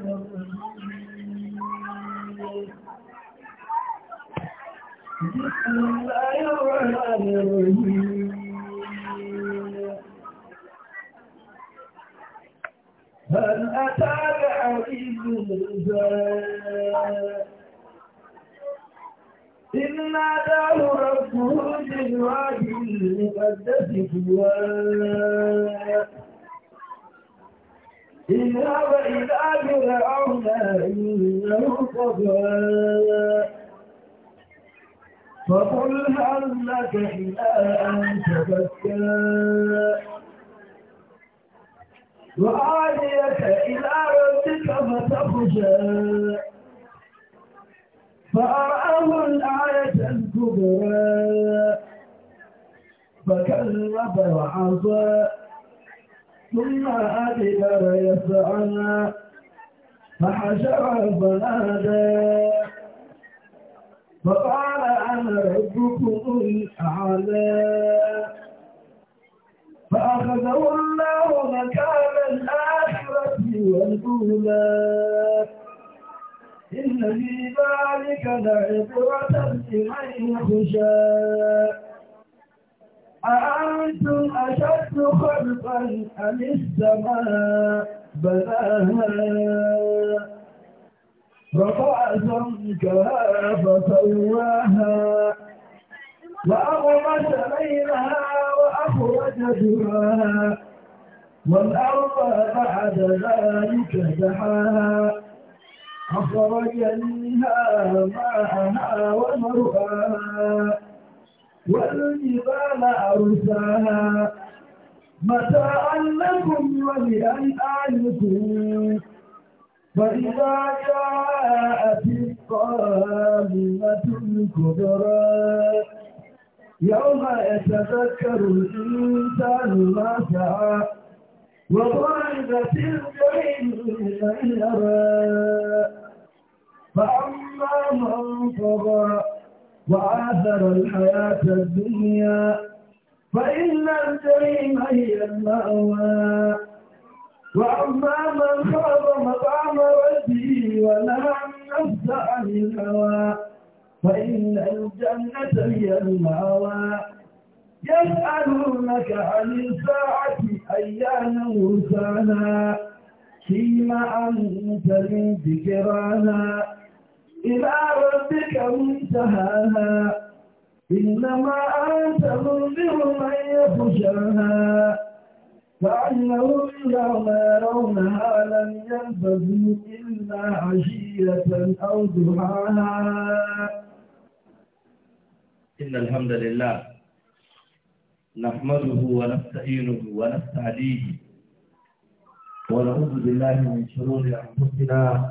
بسم الله الرحمن الرحيم هل أتاك حديث النساء إذ ناداه ربه بالوادي المقدس طوى اذهب إلى فرعون إنه طغى فقل هل لك إلى أن تبكى وعاليك إلى ربك فتخشى فأراه الآية الكبرى فكذب وعظى ثم أدبر يسعى فحشر فنادى فقال أنا ربكم الأعلى فأخذه الله مكان الآخرة والأولى إن في ذلك لعبرة لمن يخشى أأنتم أشد خلقا أم السماء بناها رفع سمكها فسواها وأغمس بينها وأخرج دراها والأرض بعد ذلك دحاها أخرج منها ماءها ومرآها والجبال أرساها متاعا لكم ولأنعامكم فإذا جاءت الطامة الكبرى يوم يتذكر الإنسان ما سعى وضربت الجحيم من يرى فأما من طغى وآثر الحياة الدنيا فإن الجحيم هي المأوى وأما من خاف مقام ربه ونهى النفس عن الهوى فإن الجنة هي المأوى يسألونك عن الساعة أيان مرسانا فيما أنت من ذكرانا إلى ربك منتهاها إنما أنت منذر من يخشاها فإنهم ما يرونها لم يلبثوا إلا عشية أو ضحاها إن الحمد لله نحمده ونستعينه ونستهديه ونعوذ بالله من شرور أنفسنا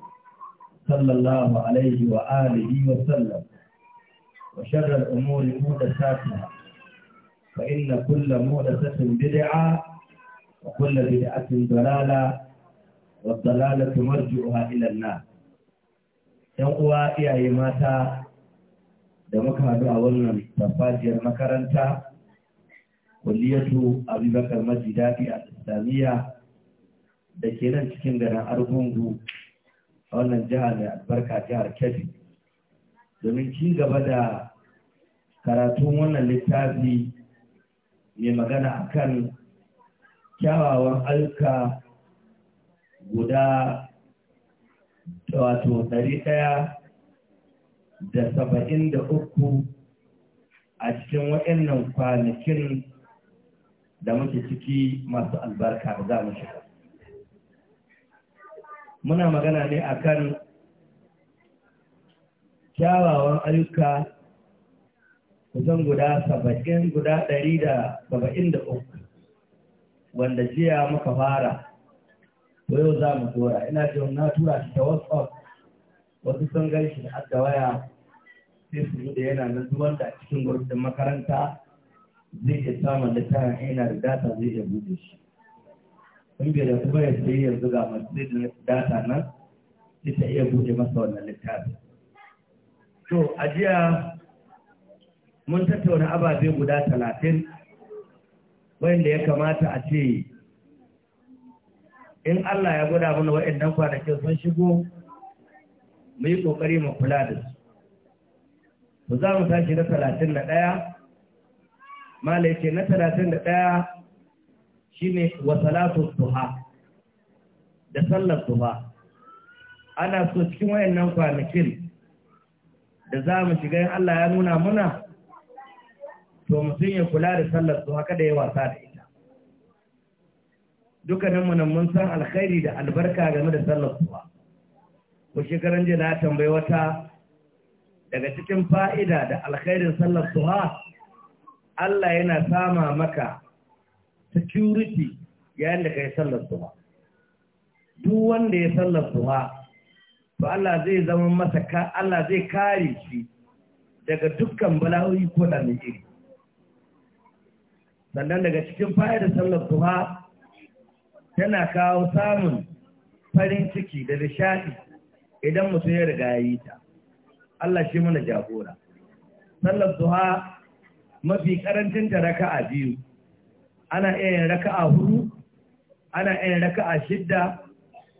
صلى الله عليه وآله وسلم وشر Ka مودساتها فإن كل مودسة بدعة وكل بدعة ضلالة والضلالة مرجعها إلى Yan uwa iyaye mata da muka haɗu a wannan farfajiyar makaranta kulliyatu abubakar maji daɗi a islamiyya da ke nan cikin garin argungu a wannan jiha mai albarka jihar kebbi domin ci gaba da karatun wannan littafi mai magana akan kyawawan alka guda wato ɗari ɗaya da saba'in da uku a cikin waɗannan kwanakin da muke ciki masu albarka da za mu shiga muna magana ne a kan kyawawan ayyuka kusan guda saba'in guda ɗari da saba'in da uku wanda jiya muka fara ko yau za mu tura ina jin na tura shi ta whatsapp wasu sun gan shi da da waya sai su da yana nan zuwan da a cikin gurbin makaranta zai iya samun littafin ina da data zai iya buɗe shi in da kuma ya sai yanzu ga masu da data nan sai ta iya buɗe masa wannan littafi to a jiya mun tattauna ababe guda talatin wanda ya kamata a ce in Allah ya gwada mana waɗannan kwanakin sun shigo mu yi ƙoƙari mu kula da su to za mu tashi na talatin da ɗaya malai ce na talatin da ɗaya shine wa salatu duha da sallar duha ana so cikin wayannan kwanakin da za mu shiga in Allah ya nuna muna to mutum ya kula da sallar duha kada ya wasa da ita dukkanin mu mun san alkhairi da albarka game da sallar duha ko shekaran jiya na tambayi wata daga cikin fa'ida da alkhairin sallar duha Allah yana sama maka security yayin da kai sallar duha duk wanda ya sallar duha to Allah zai zama masa ka Allah zai kare shi daga dukkan bala'o'i ko da mai iri sannan daga cikin fa'ida sallar duha tana kawo samun farin ciki da nishadi idan mutum ya riga yi ta Allah shi mana jagora sallar duha mafi karancin ta a biyu ana iya yin raka'a hudu ana iya yin raka'a shidda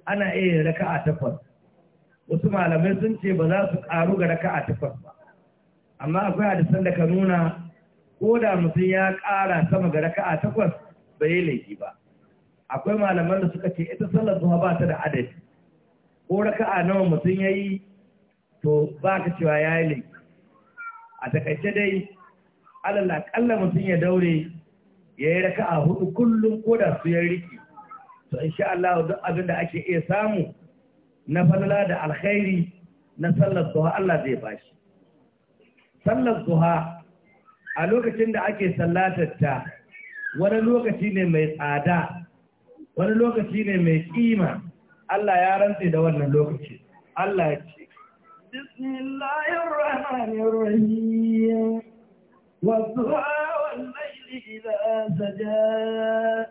ana iya yin raka'a takwas wasu malamai sun ce ba za su ƙaru ga raka'a takwas ba amma akwai hadisan da ka nuna ko da mutum ya kara sama ga raka'a takwas bai yi laifi ba akwai malaman da suka ce ita sallar zuwa ba ta da adadi ko raka'a nawa mutum ya yi to ba ka cewa ya yi laifi a takaice dai alal akalla mutum ya daure ya yi raka a hudu kullum ko da su yan riki to insha Allah duk abin da ake iya samu na falala da alkhairi na sallar duha Allah zai bashi sallar duha a lokacin da ake sallatar ta wani lokaci ne mai tsada wani lokaci ne mai kima Allah ya rantse da wannan lokaci Allah ya ce Bismillahirrahmanirrahim Wasu Allah ya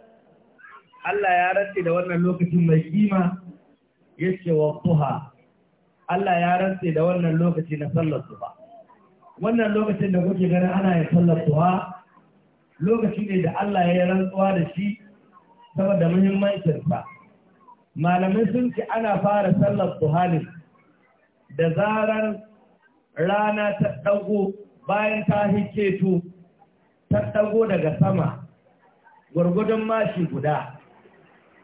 الله da wannan lokacin mai kima yake wa duha Allah ya rantse da wannan lokaci na sallar ba. wannan lokacin da kuke ganin ana yin sallar lokaci ne da Allah ya yi rantsuwa da shi saboda muhimmancin sa malamai sun ce ana fara sallar duha ne da zarar rana ta dago bayan ta hike to ta ɗago daga sama gwargwadon mashi guda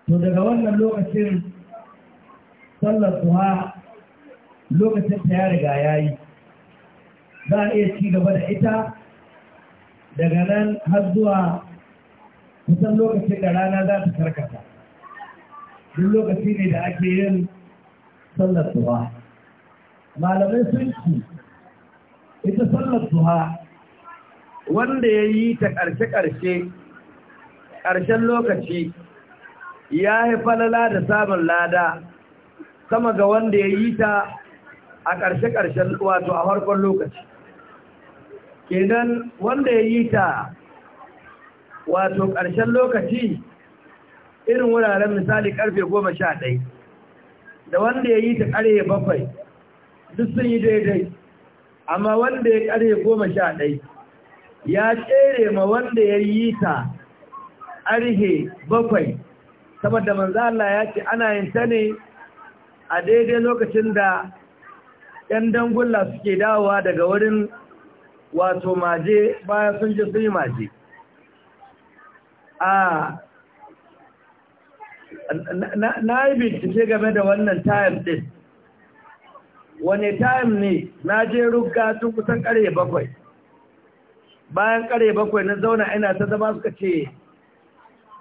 to daga wannan lokacin sallar duha lokacin ta ya riga ya yi za a iya ci gaba da ita daga nan har zuwa kusan lokacin da rana za ta karkata duk lokaci ne da ake yin sallar duha malamai sun ci ita sallar duha wanda ya yi ta ƙarshe-ƙarshe ƙarshen lokaci ya yi falala da samun lada sama ga wanda ya yi ta a ƙarshe-ƙarshen wato a harkon lokaci kenan wanda ya yi ta wato ƙarshen lokaci irin wuraren misali ƙarfe goma sha ɗai da wanda ya yi ta ƙarfe bakwai duk sun yi daidai amma wanda ya ƙarfe goma sha ɗai ya tsere ma wanda ya yi ta arhe bakwai saboda manzo Allah ya ce ana yin ta ne a daidai lokacin da ‘yan dangulla suke dawowa daga wurin wato maje bayan sun ji sun yi maje a na yi bincike game da wannan time ɗin. wane time ne na je rugga tun kusan ƙarfe bakwai bayan kare bakwai na zauna ina ta zama suka ce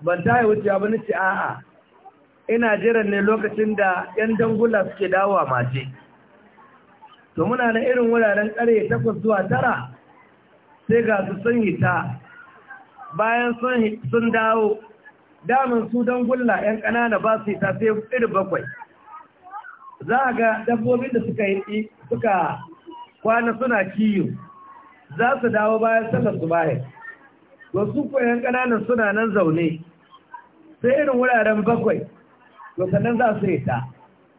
ban ta yi wuce ba ce a'a ina jiran ne lokacin da yan dangula suke dawowa mace to muna na irin wuraren kare takwas zuwa tara sai ga su sun hita bayan sun dawo damin su dangula yan ƙanana ba su hita sai irin bakwai za a ga dabbobi da suka kwana suna kiyo za su dawo bayan saka su baya wasu koyan ƙananan suna nan zaune sai irin wuraren bakwai to sannan za su rita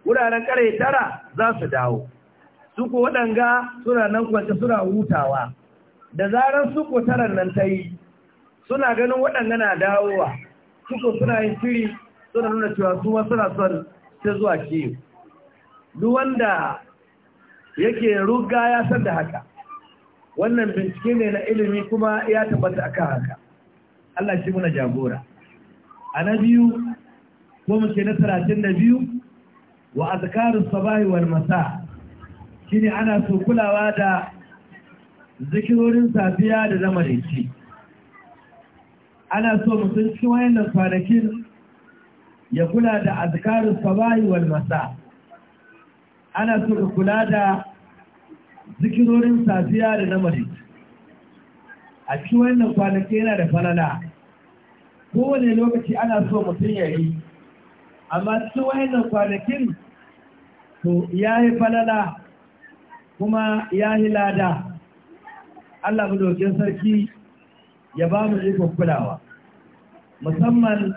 wuraren ƙare tara za su dawo su ko waɗanga suna nan kwanta suna hutawa da zaran su ko tarar nan ta yi suna ganin waɗanga na dawowa su ko suna yin shiri suna nuna cewa su ma suna son ta zuwa kiyo duk wanda yake ruga ya san da haka wannan bincike ne na ilimi kuma ya tabbata kan haka Allah shi muna jagora a na biyu ko muke na talatin na biyu wa azkarus sabahi wal masa ne ana so kulawa da zikirorin safiya da zama da ana so mutum cikin wayannan kwanakin ya kula da azkarus sabahi wal masa ana so ka kula da zikirorin safiya da na mace a cikin wannan kwanaki yana da falala kowane lokaci ana so mutum ya yi amma cikin wannan kwanakin to ya yi falala kuma ya yi lada Allah dokin sarki ya ba mu ikon kulawa musamman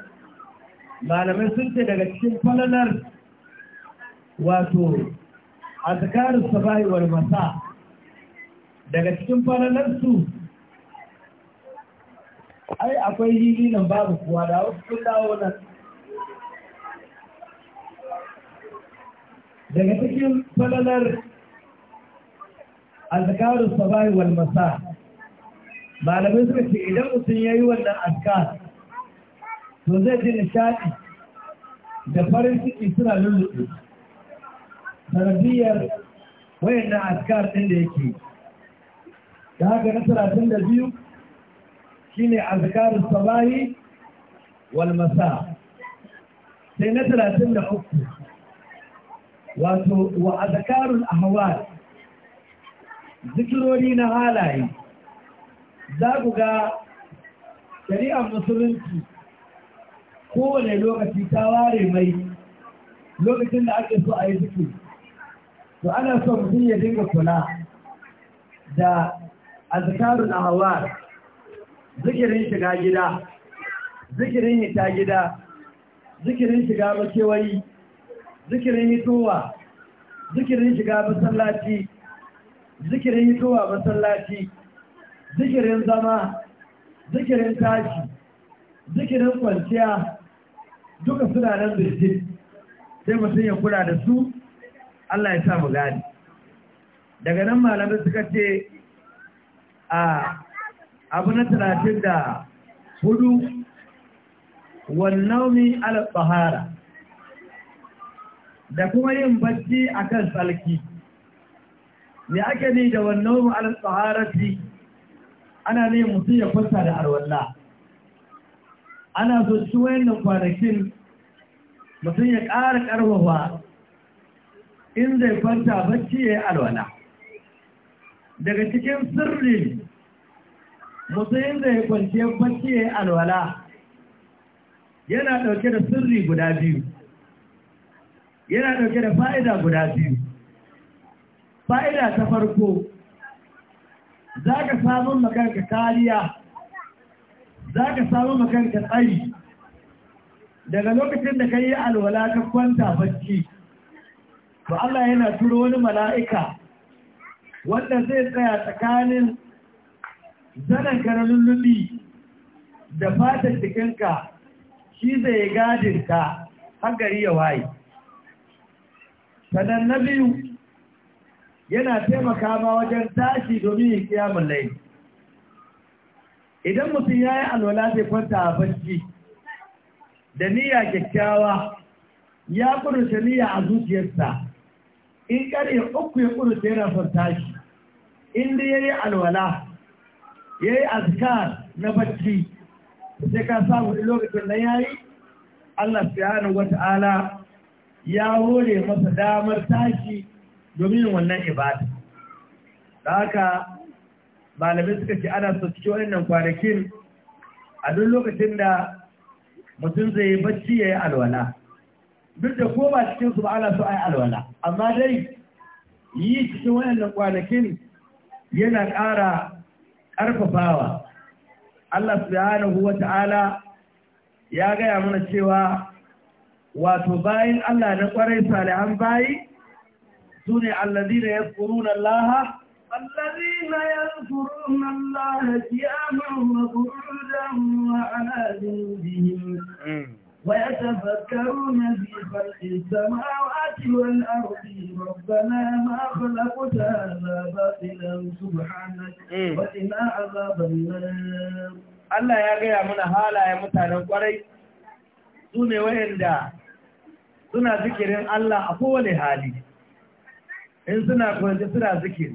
malamai sun ce daga cikin falalar wato azkarus sabahi wal masa daga cikin falalarsu ai akwai hili nan babu kuwa da wasu sun dawo nan daga cikin falalar azkarus sabahi wal masa malamai suka ce idan mutum ya yi wannan azkar to zai ji nishaɗi da farin ciki suna lullu sanadiyar wayannan askar ɗin da yake da haka na talatin da biyu shine azkarus sabahi walmasa, sai na talatin da uku wato wa azkarul ahawar zikirori na halaye za ku ga shari'ar musulunci kowane lokaci ta ware mai lokacin da ake so a yi zikiri to ana so mutum ya dinga kula da azkarun ahawar zikirin shiga gida zikirin hita gida zikirin shiga makewayi zikirin hitowa zikirin shiga masallaci zikirin hitowa masallaci zikirin zama zikirin tashi zikirin kwanciya duka suna nan birjin sai mutum ya kula da su Allah ya sa mu gani daga nan malamai suka ce a abu na talatin da hudu wannaumi al-bahara da kuma yin bacci akan tsalki me ake ni da wannaumi al-baharati ana ne mutum ya fasa da arwalla ana so shi nan kwanakin mutum ya ƙara ƙarfafa in zai kwanta bacci ya yi alwala daga cikin sirri mutum zai kwanciya bacci ya yi alwala yana ɗauke da sirri guda biyu yana ɗauke da fa'ida guda biyu fa'ida ta farko za ka samun makanka kariya za ka samun makanka tsari daga lokacin da ka yi alwala ka kwanta bacci to Allah yana turo wani mala'ika wanda zai tsaya tsakanin zanen karamin lullubi da fatan jikinka shi zai gadin ka har gari ya waye sannan na biyu yana taimaka ma wajen tashi domin yin kiyamun laifi idan mutum ya yi alwala zai kwanta a bacci da niyya kyakkyawa ya kudurta niyya a zuciyarsa in ƙarfe uku ya ƙudu sai yana son tashi inda ya yi alwala ya yi azkar na bacci sai ka samu lokacin na ya yi Allah subhanahu wa ta'ala ya hore masa damar tashi domin wannan ibada da haka malamai suka ce ana su cikin wannan kwanakin a duk lokacin da mutum zai bacci ya yi alwala duk da koma cikin su ba ana so a alwala amma dai yi cikin wayannan kwanakin yana ƙara ƙarfafawa Allah subhanahu wa ta'ala ya gaya mana cewa wato bayin Allah na ƙwarai salihan bayi su ne allazina yadhkuruna Allah الذين يذكرون الله قياما وقعودا وعلى جنوبهم ويتفكرون في خلق السماوات والأرض ربنا ما خلقت هذا باطلا سبحانك وقنا عذاب النار Allah ya gaya mana halaye mutanen kwarai su ne wayanda suna zikirin Allah a kowane hali in suna kwanci suna zikiri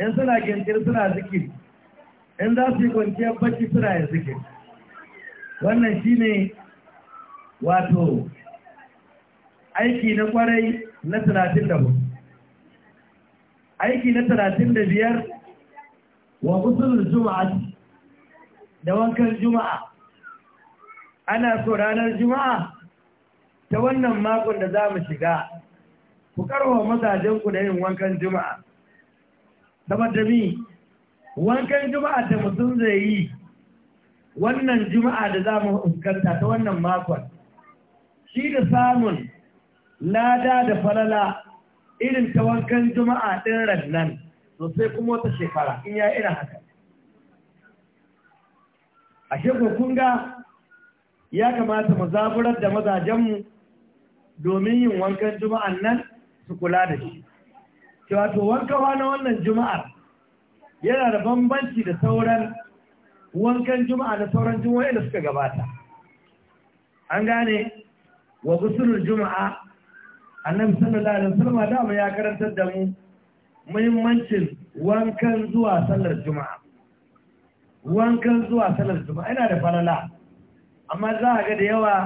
in suna gintir suna zikiri in za su yi kwanciyar bacci suna yin zikiri wannan shi ne wato aiki na kwarai na da hudu aiki na da biyar wa musulun juma'a da wankan juma'a ana so ranar juma'a ta wannan makon da za mu shiga ku karwa mazajenku da yin wankan juma'a saboda mi wankan juma'a da mutum zai yi wannan juma'a da za mu huskanta ta wannan makon shi da samun lada da falala irin ta wankan juma'a ɗin rannan to sai kuma wata shekara in ya ina haka a kun ga ya kamata mu zaburar da mazajenmu domin yin wankan juma'an nan su kula da shi cewa to wankawa na wannan juma'ar yana da bambanci da sauran wankan juma'a da sauran juma'a da suka gabata an gane wa gusulul juma'a annabi sallallahu alaihi wasallam da mu ya karantar da mu muhimmancin wankan zuwa sallar juma'a wankan zuwa sallar juma'a yana da falala amma za a ga da yawa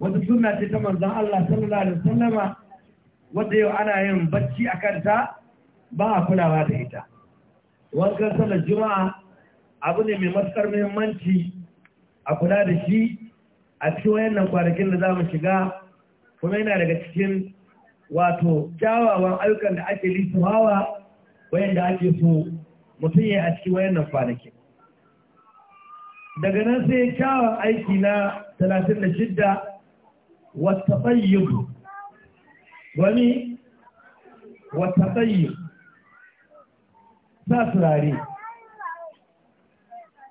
wata sunna ce ta manzon Allah sallallahu alaihi wasallam wanda yau ana yin bacci a kanta ba a kulawa da ita wankan sallar juma'a abu ne mai matsar muhimmanci a kula da shi a cikin wayannan kwanakin da za mu shiga kuma yana daga cikin wato kyawawan ayyukan da ake lissafawa wayanda ake so mutum ya a cikin wayannan kwanakin daga nan sai kyawawan aiki na 36 wata tsayyubu wani wata sa turare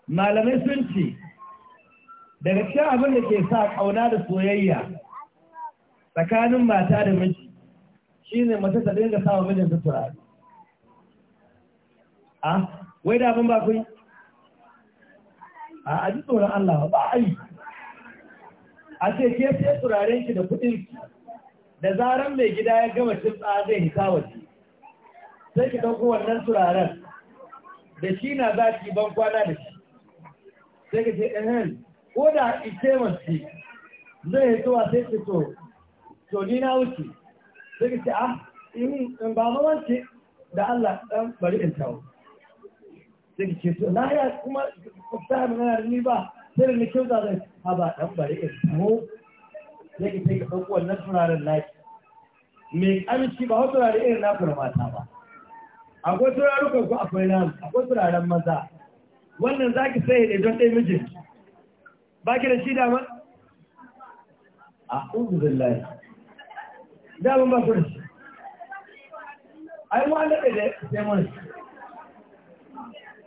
malamai sun ce daga cikin abin da ke sa ƙauna da soyayya tsakanin mata da miji shi ne mace ta dinga sa wa mijinta turare a ah, wai da abin ba yi ah, a ji tsoron Allah ba a yi a ce ke sai turaren ki da kuɗin da zaren mai gida ya gama cin tsazai zai hita waje sai ki ɗauko wannan turaren da shi na za ki ban kwana da shi sai ka ce ɗan eh, hannu. Eh, ko da ita mace zai zuwa sai ce to to ni na wuce sai ka ce ah in ba mamance da Allah dan bari in tawo sai ka ce to na ya kuma ta magana da ni ba sai da ni kyau za zai ha ba dan bari in tawo sai ka ce ka ɗauko wannan turaren laki mai aminci ba wata turare irin na mata ba akwai turarukan ku akwai nan akwai turaren maza wannan zaki sai da don ɗaya mijinki ba ki da shi dama? a ƙungurin layi daman ba ku da shi ai wa naɗe da sai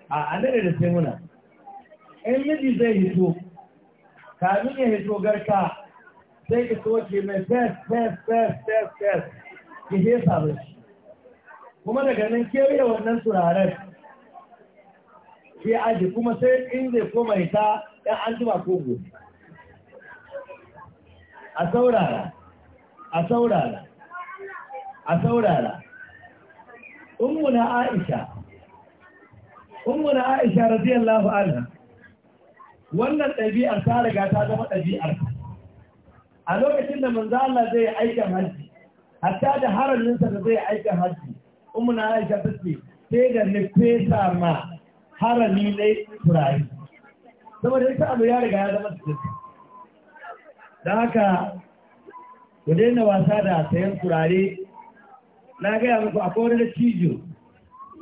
a a da da sai muna in miji zai hito kamin ya hito garka sai ki ce mai fes fes fes fes fes ki hesa shi kuma daga nan kewaye wannan turaren ke aji kuma sai in zai koma ita ɗan an jima ko gobe a saurara a saurara a saurara na aisha na aisha radiyallahu anha wannan ɗabi'ar ta riga ta zama ɗabi'ar a lokacin da manzo Allah zai aika hajji hatta da haraminsa da zai aika hajji na aisha ta ce sai da ni fesa ma harami ne turai saboda ita abu ya riga ya zama su da haka ku daina wasa da sayan turare na gaya muku a kowane da cijo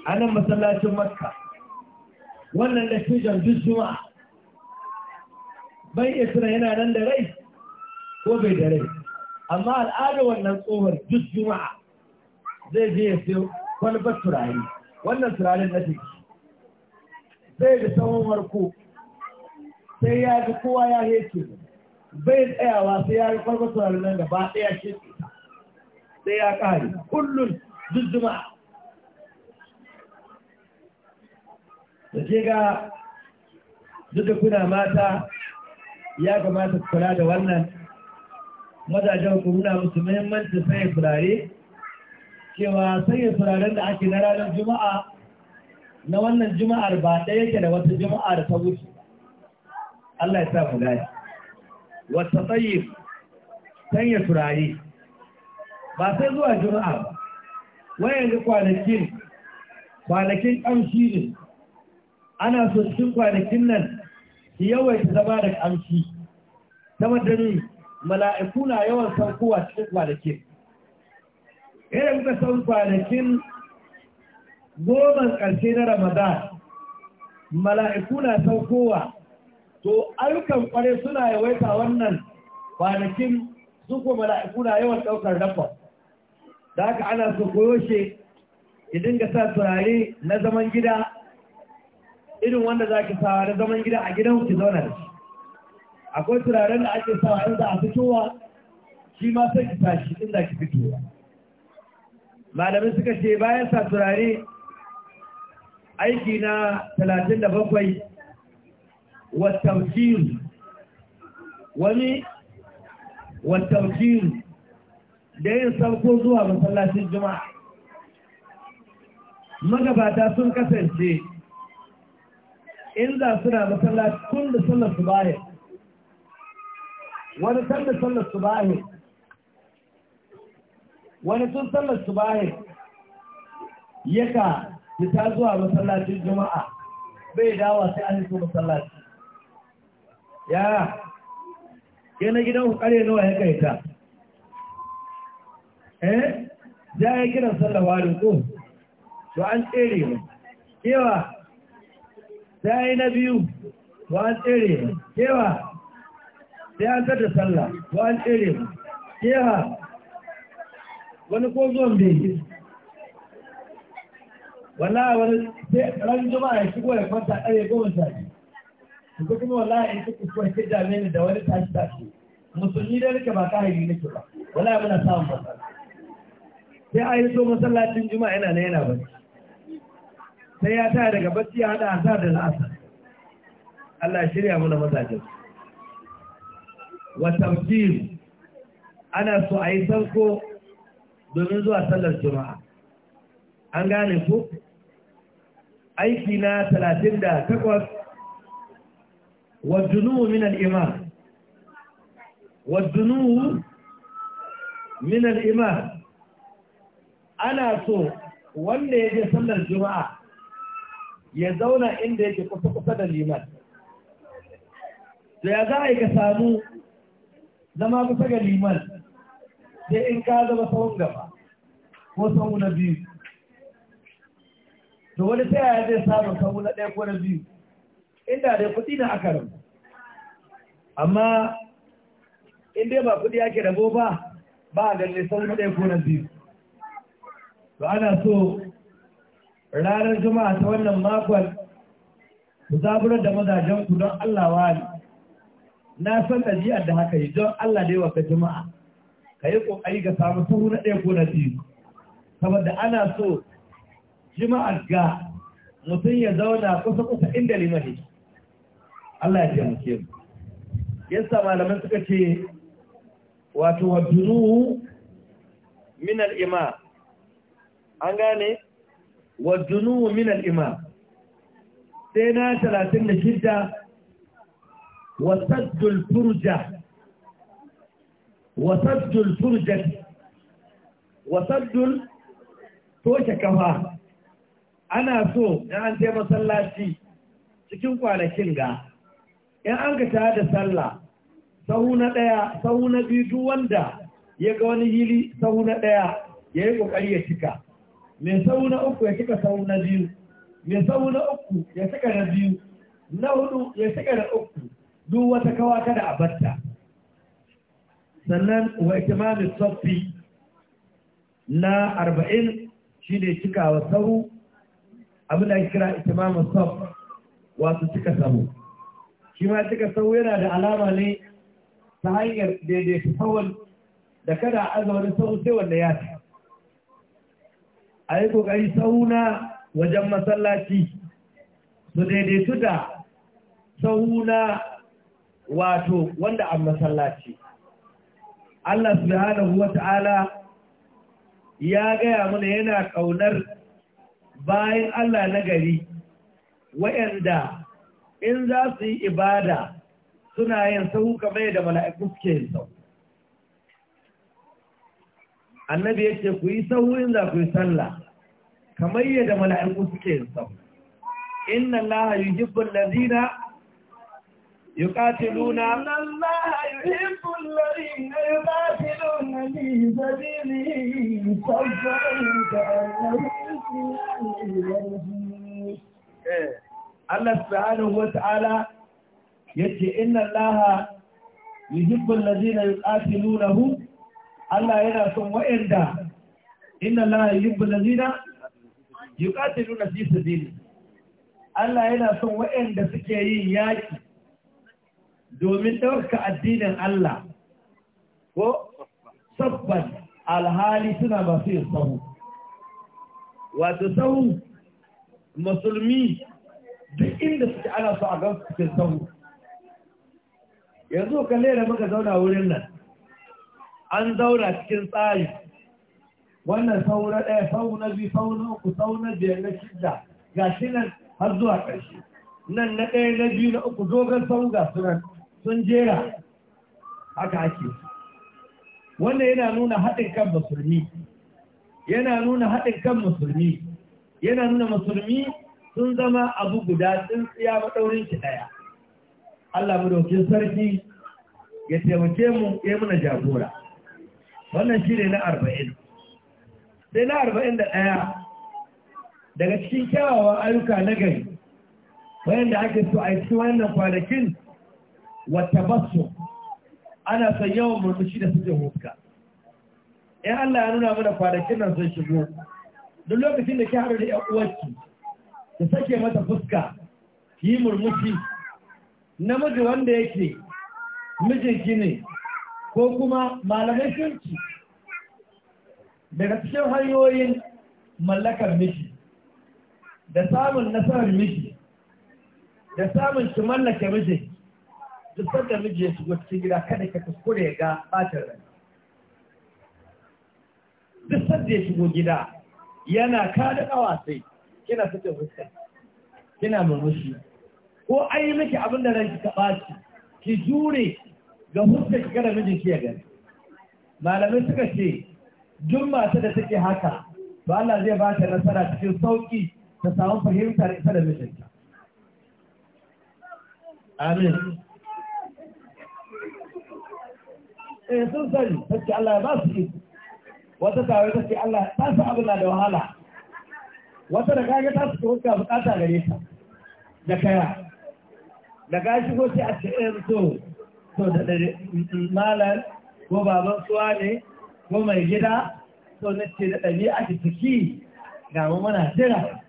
a nan masallacin makka wannan da cijon duk juma'a bai iya yana nan da rai ko bai da rai amma al'ada wannan tsohon duk juma'a zai je ya fi kwalbar turare wannan turaren na ciki zai da tsawon warko sai ya ji kowa ya hece bai tsayawa sai ya yi kwalbata nan gaba ɗaya shi sai ya ƙari kullum duk juma'a da ke ga duka kuna mata ya kamata kula da wannan mazajen ku nuna musu muhimmanci sanya turare cewa sanya turaren da ake na ranar juma'a na wannan juma'ar ba ɗaya yake da wata juma'ar ta wuce Allah ya sa mu gani wata tsayi sanya turaye? ba sai zuwa juma'a ba wayan da kwanakin kwanakin ƙamshi ne ana so cikin kwanakin nan ki yawaita zama da ƙamshi ta madani mala'iku na yawan saukowa cikin kwanakin irin ka san kwanakin goma ƙarshe na ramadan mala'iku na saukowa to ayyukan kware suna yawaita wannan kwanakin su ko mala'iku na yawan ɗaukar dafa da aka ana su koyo shi ki dinga sa turare na zaman gida irin wanda za ki sawa na zaman gida a gidan ki zauna da shi akwai turaren da ake sawa inda a fitowa shi ma sai ki tashi inda ki fitowa Malami suka ce bayan sa turare aiki na talatin da bakwai والتمثيل wani wattaukiri da yin sauko zuwa masallacin juma'a magabata sun kasance inda suna masallaci tun da sallar su bayan wani tun da sallar su bayan wani tun sallar su bayan yaka fita zuwa masallacin juma'a bai dawa sai an yi masallaci ya ke na gidan kare nawa ya kai ta eh ya a yi kiran sallah warin ko to an tsere ne kewa za yi na biyu to an tsere ne kewa sai an kada sallah to an tsere ne kewa wani ko zuwan bai wala wani sai ran juma'a ya shigo ya kwanta ɗaya goma sha biyu ko kuma wallahi in kuka kuwa ke da ni da wani tashi tashi musulmi da nake ba ne ke ba wallahi muna samun matsala sai a yi so masallacin juma'a yana ne yana ba sai ya taya daga bacci ya hada asar da la'asar Allah shirya mana mazaje wa tawjir ana so a yi sanko domin zuwa sallar juma'a an gane ku aiki na talatin da takwas والدنو من الإمام والدنو من الإمام أنا سو wanda ya je sallar juma'a ya zauna inda yake kusa-kusa da liman da ya za a yi ka samu zama kusa ga liman sai in ka zama tsawon gaba ko tsawon na biyu to wani ta yaya zai samun tsawon na ɗaya ko na biyu inda dai kuɗi na aka rabu amma in dai ba kuɗi ake rabo ba ba a ne sau na ɗaya ko na biyu to ana so ranar juma'a ta wannan makon ku zaburar da mazajen ku don Allah wani na san ɗabi'ar da haka yi don Allah da yawa ka juma'a ka yi ƙoƙari ka samu sahu na ɗaya ko na biyu saboda ana so juma'a ga mutum ya zauna kusa kusa inda limahi Allah ya taimake mu. Yasa malaman suka ce wato wadduru min al-ima. An gane wadduru min al-ima. Sai na 36 wasaddul furja wasaddul furja wasaddul toke kafa ana so in an taimasa masallaci cikin kwanakin ga in an ka da sallah sahu na ɗaya sahu na biyu duk wanda ya ga wani hili sahu na ɗaya ya yi ƙoƙari ya cika mai sahu na uku ya cika sahu na biyu mai sahu na uku ya cika na biyu na hudu ya cika na uku duk wata kawa kada a abarta. sannan wa itimami soffi na arba'in shi ne cikawa sahu abin da ake kira itimami soff wasu cika sahu shi ma cika sau yana da alama ne ta hanyar daidaita sauwan da kada a aza wani sau sai wanda ya ce a yi kokari na wajen masallaci su su da sauna wato wanda an masallaci Allah subhanahu wa ta'ala ya gaya mana yana ƙaunar bayan Allah na gari wa'yanda in za su yi ibada suna yin sahu kamar da mala'iku suke yin sahu annabi ya ce ku yi sahu in za ku yi sallah kamar yadda mala'iku suke yin sahu inna allaha yuhibbul ladina yuqatiluna inna allaha yuhibbul ladina yuqatiluna fi sabilihi sawfa ka'annahum Allah subhanahu wa ta'ala yace inna Allah yuqatilunahu Allah yana son wa'anda inna yuqatiluna fi sabili Allah yana son wa'anda suke yin yaki domin ɗauka addinin Allah ko sabban alhali suna masu yin sahu wato sahu musulmi duk inda suke ana so a gan cikin sahu yanzu kalle da muka zauna wurin nan an zauna cikin tsari wannan sahu na ɗaya sahu na biyu sahu na uku sahu na biyar na shida ga shi nan har zuwa ƙarshe nan na ɗaya na biyu na uku dogon sahu ga nan, sun jera haka ake wannan yana nuna haɗin kan musulmi yana nuna haɗin kan musulmi yana nuna musulmi sun zama abu guda tsintsiya maɗaurin ki ɗaya Allah mu madaukin sarki ya taimake mu ya muna jagora wannan shi ne na arba'in sai na arba'in da ɗaya daga cikin kyawawan ayyuka na gari da ake so a cikin wannan kwanakin wata basu ana son yawan murmushi da suke huska in Allah ya nuna mana kwanakin nan sun shigo duk lokacin da ke haɗu da 'yan uwarki da sake mata fuska yi murmushi namiji wanda yake mijinki ne ko kuma malamai shirki daga cikin hanyoyin mallakar miji da samun nasarar miji da samun ki mallake miji duk sanda miji ya shigo cikin gida kada ka kuskure ga bacin rai duk sanda ya shigo gida yana kada kawasai kina fice fuska kina murmushi ko ai miki abin da ranki ka ɓaci ki jure ga fuska ki gara mijin ki ya gani malamai suka ce duk mata da take haka ba Allah zai ba ta nasara cikin sauki ta samu fahimta da ita da ta amin eh sun sani ta ce Allah ya ba su iko wata tawaye ta ce Allah ta su abin da wahala wata da kaga ta su ka bukata gare ta da kaya da ka shigo sai a ce ɗayan so so da dare mm, mm, malar ko baban suwa ne ko mai gida so na ce da a ki ciki ga mu muna jira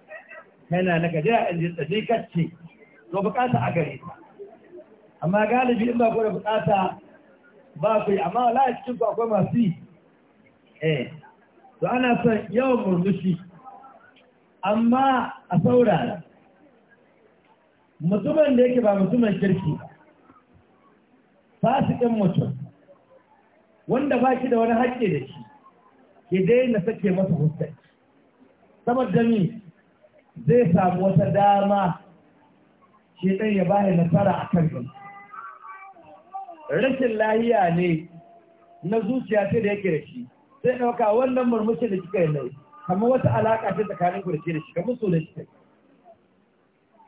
yana na gajiya in ji tsaji kacce to bukata a gare ta amma galibi in ba ku da bukata ba ku yi amma wala cikin ku akwai masu yi eh to ana son yawan murmushi amma a saurara mutumin da yake ba mutumin kirki fasikin mutum wanda ba shi da wani haƙƙi da shi ke daina sake masa hussar saboda mi zai samu wata dama shi ɗan ya ba nasara a kan rashin lahiya ne na zuciya sai da yake da shi sai ɗauka wannan murmushin da kika yi kamar wata alaƙa ce tsakanin ku da ke da shi kamar so da shi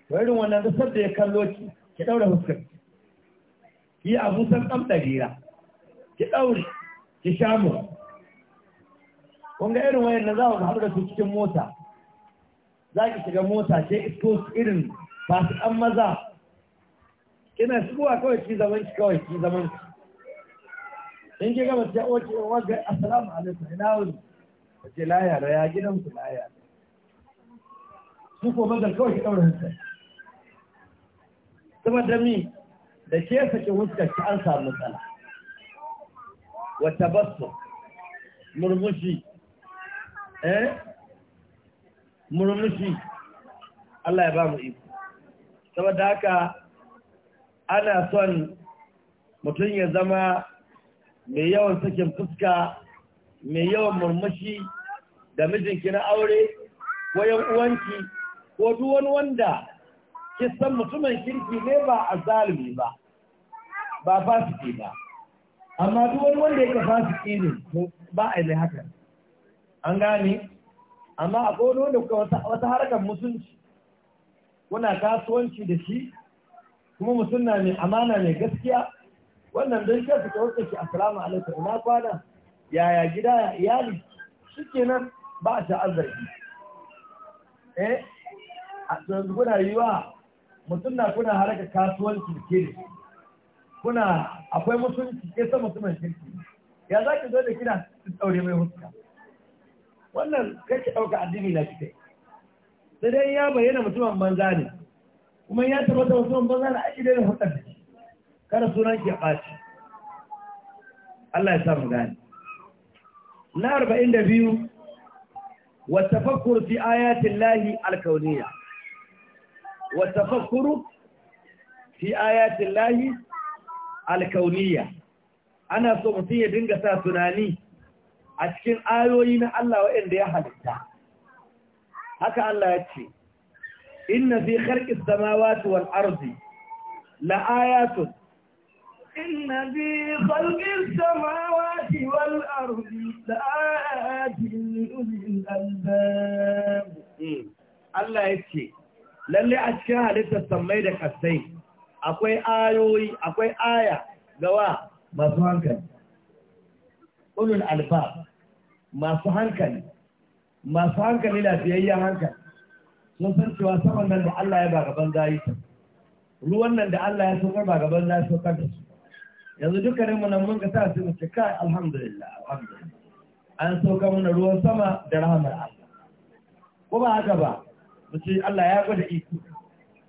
to irin wannan duk da ya kallo ki ki daura fuskar ki abu san kam darira ki daure ki shamu kun ga irin wayan za ku haɗu da su cikin mota za ki shiga mota sai isko irin ba su ɗan maza kina shigowa kawai ki zaman ki kawai ki zaman ki in ki gama ta oke wa ga assalamu alaikum ina wuri ce laya da ya gidan laya su ko bazar kawai ki ɗaura sa kuma da mi da ke saki huskar ki an samu matsala wata basu murmushi eh murmushi Allah ya ba mu iko saboda haka ana son mutum ya zama mai yawan sakin fuska mai yawan murmushi da mijinki na aure ko yan uwanki ko duk wani wanda ki san mutumin kirki ne ba a zalimi ba ba fasiki ba amma duk wani wanda yake fasiki ne ba a yi haka an gane amma a wani wanda kuka wata harkar mutunci, kuna kasuwanci da shi kuma mutum ne amana mai gaskiya wannan don shi suka wuce shi assalamu alaikum ina kwana yaya gida ya iyali kenan ba ta azarki eh a yanzu kuna yi wa mutum na kuna haraka kasuwanci ke da kuna akwai mutunci ke sa mutumin kirki ya za ki zo da kina tsaure mai huska wannan ki ɗauka addini na kike sai dai ya bayyana mutumin banza ne kuma ya tabbata mutumin banza na ake daina hukar da shi kada sunan ki ya ɓaci Allah ya sa mu gane na arba'in da biyu والتفكر في آيات الله الكونية والتفكر في آيات الله الكونية أنا صمتية دنجة سناني أتكين آيوين الله وإن ديها أحدثها هكا الله يتشي إن في خلق السماوات والأرض لآيات إن في خلق السماوات والأرض لآيات لأولي Allah ya ce lalle a cikin halittar sammai da kasai akwai ayoyi akwai aya gawa masu hankali Ƙunin alba masu hankali masu hankali lafiyayyen hankali sun san cewa saman nan da Allah ya ba gaban gayi ta ruwan nan da Allah ya saukar ba gaban na saukar da su yanzu dukkanin mu nan mun ga sa su ce kai alhamdulillah alhamdulillah an sauka mana ruwan sama da rahamar Allah ko ba haka ba mu ce Allah ya gwada iko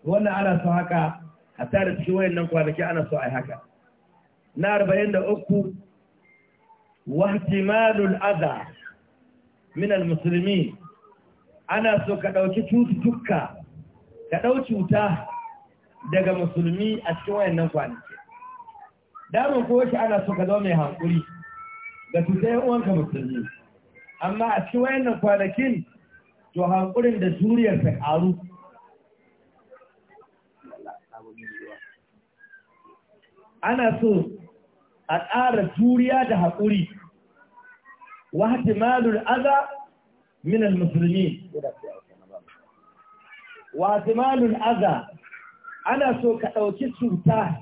wannan ana so haka A da cikin wayannan kwanaki ana so ai haka na 43 wahtimalul adha min almuslimin ana so ka dauki cututtuka ka dau cuta daga musulmi a cikin wayannan kwanaki dama ko shi ana so ka zama mai hankuri da su sai uwanka musulmi amma a cikin nan kwanakin to hankulin da zuriyar ta ƙaru ana so a ƙara zuriya da haƙuri wa malul aza min al-muslimin wa aza ana so ka ɗauki cuta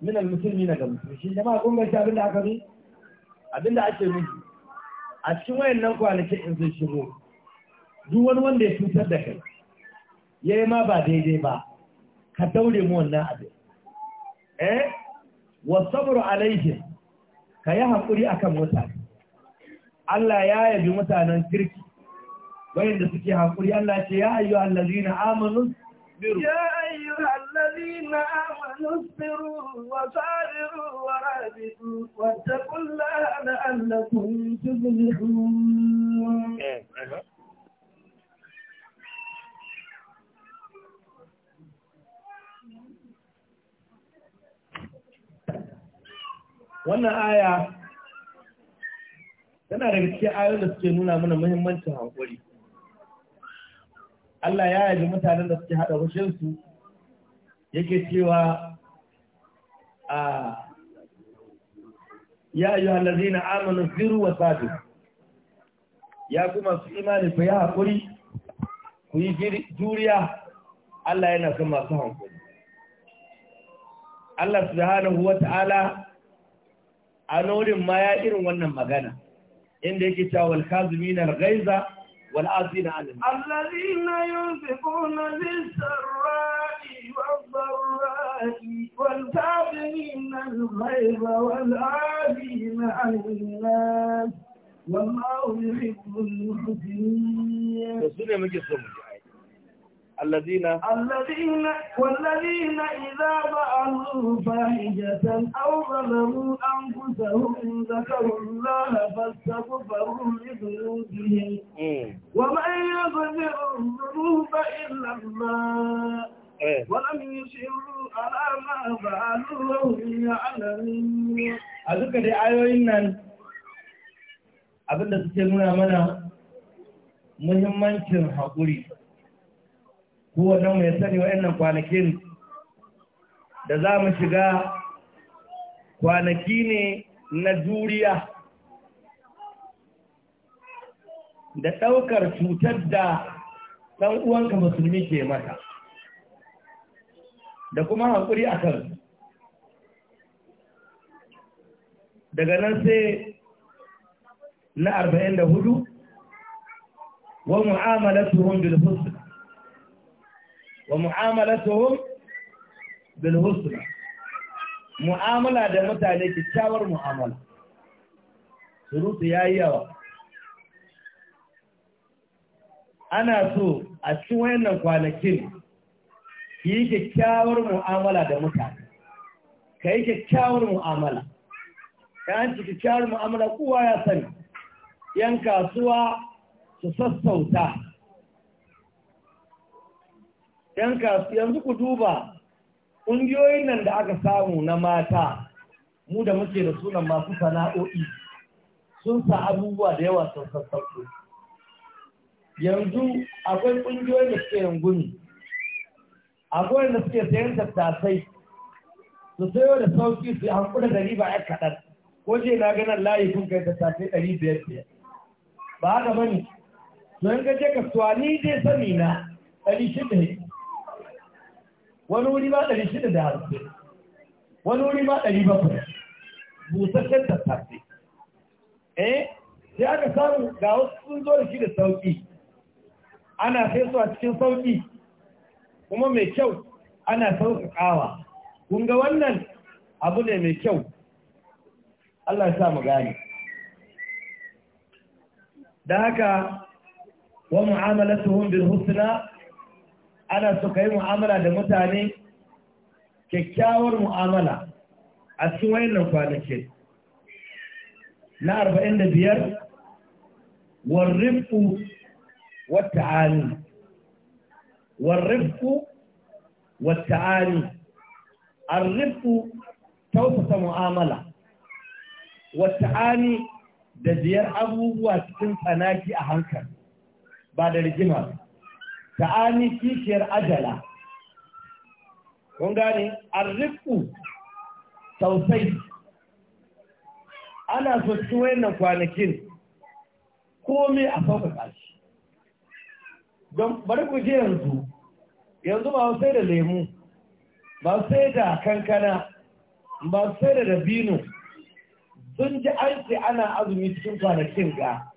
min al na ga musulmi shi jama'a kun ga abin da aka bi abinda ake nufi a cikin wayannan kwanakin in zai shigo duk wani wanda ya cutar da kai ya yi ma ba daidai ba ka daure mu wannan abin eh wasabru alaihim ka yi haƙuri akan mutane Allah ya yabi mutanen kirki wayanda suke haƙuri Allah ce ya ayyuhallazina amanu biru ya تصبروا وصابروا ورابطوا واتقوا الله لعلكم تفلحون wannan aya tana daga cikin ayoyin da suke nuna mana muhimmancin hankuri Allah ya yaji mutanen da suke haɗa rushinsu yake cewa ya yi halazi na amonu ziru wa sadu ya kuma su imani ku yi haƙuri ku yi juriya Allah yana son masu hankali Allah subhanahu wa ta'ala a norin ma ya irin wannan magana inda yake cewa wal kazimin al-ghaiza wal azina al-allazina yunfiquna bis-sarra'i wad-dharra'i والكاظمين الغيظ والعافين عن الناس والله يحب المحسنين. الذين الذين والذين إذا فعلوا فاحشة أو ظلموا أنفسهم ذكروا الله فاستغفروا لذنوبهم ومن يغفر الذنوب إلا الله Eh. a duka dai ayoyin nan abinda suke nuna mana muhimmancin haƙuri kowane mai sani wa'annan kwanakin da za mu shiga kwanaki ne na juriya da ɗaukar cutar da ɗan uwanka musulmi ke mata da kuma hankuri a kan daga nan sai na arba'in da hudu wa mu'amalatuhum bil husna wa hun bil husna mu'amala da mutane kyakkyawar mu'amala surutu yi yawa ana so a cikin wayannan kwanakin yi kyakkyawar mu'amala da mutane ka yi kyakkyawar mu'amala yan ci kyakkyawar mu'amala kowa ya sani yan kasuwa su sassauta yan kasu yanzu ku duba ƙungiyoyin nan da aka samu na mata mu da muke da sunan masu sana'o'i sun sa abubuwa da yawa sun sassauta yanzu akwai ƙungiyoyin da suke yin gumi akwai da suke sayan tattasai su sayo da sauki su hankula da riba ya kaɗan ko je na ganin layi kun kai tattasai ɗari biyar biyar ba haka bane ne su yanka je kasuwa ni dai sani na ɗari shida wani wuri ma ɗari shida da hamsin wani wuri ma ɗari bakwai busasshen tattasai eh sai aka samu ga wasu sun zo da shi da sauki ana sai su a cikin sauki kuma mai kyau ana sauƙaƙawa kun ga wannan abu ne mai kyau Allah sa mu gane da haka wa mu'amalatuhum bil husna ana so kai mu'amala da mutane kyakkyawar mu'amala a cikin wayannan kwanaki na 45 warifu wa ta'ali والرفق والتعاني الرفق توسط معاملة والتعاني da biyar abubuwa cikin tsanaki a hankali ba da rigima ta'ani kishiyar ajala kun gane arriku tausai ana so cikin wayannan kwanakin komai a sauƙaƙa shi don bari ku je yanzu yanzu ba sai da lemu ba sai da kankana ba sai da dabino sun ji an ce ana azumi cikin kwanakin ga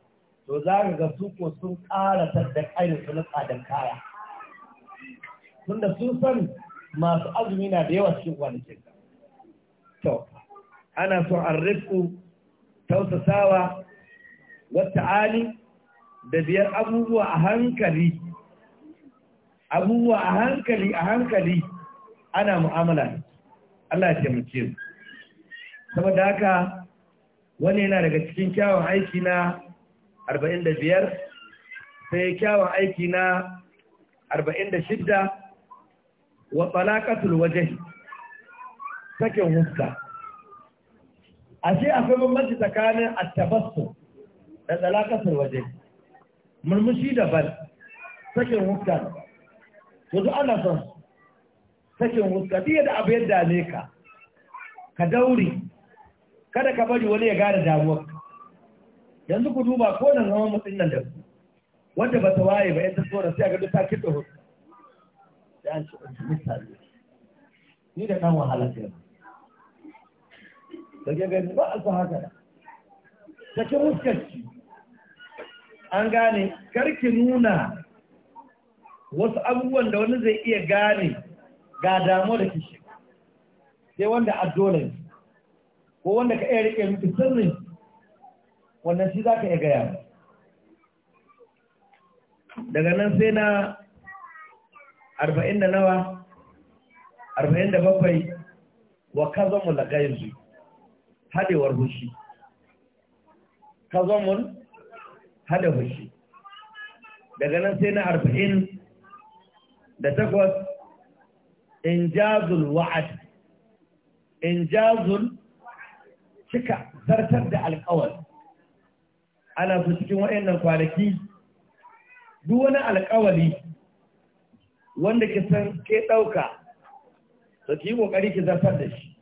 to za ka ga su ko sun ƙara sadda su na tsadar kaya tunda sun san masu azumi na da yawa cikin kwanakin ga to ana so an rikku tausasawa wata ali da biyar abubuwa a hankali abubuwa a hankali a hankali ana mu'amala Allah ya mace mu saboda haka wani yana daga cikin kyawun aiki na 45 sai kyawun aiki na 46 wa talaqatul wajh sakin huska ashe akwai bambanci tsakanin at-tabassum da talaqatul wajh murmushi bal sakin huska to duk ana son sakin huska biya da abu yadda ne ka ka daure kada ka bari wani ya gane damuwar yanzu ku duba ko nan zama mutum nan da ku wanda ba ta waye ba yadda tsoron sai a gado ta kiɗa hudu da an ci misali ni da kan wahala ce ba da gagari ba a sa haka ta ci muskarci an gane karki nuna wasu abubuwan da wani zai iya gane ga damuwa da kishi sai wanda a ko wanda ka iya rike miki sirri wannan shi za ka iya gaya daga nan sai na arba'in da nawa arba'in da bakwai wa kazamun lagayin hadewar hushi kazamun hada hushi daga nan sai na arba'in da takwas injazul wa'ad injazul cika zartar da alƙawari ana su cikin waɗannan kwanaki duk wani alƙawari wanda ke san ke ɗauka da ki yi ƙoƙari ki zartar da shi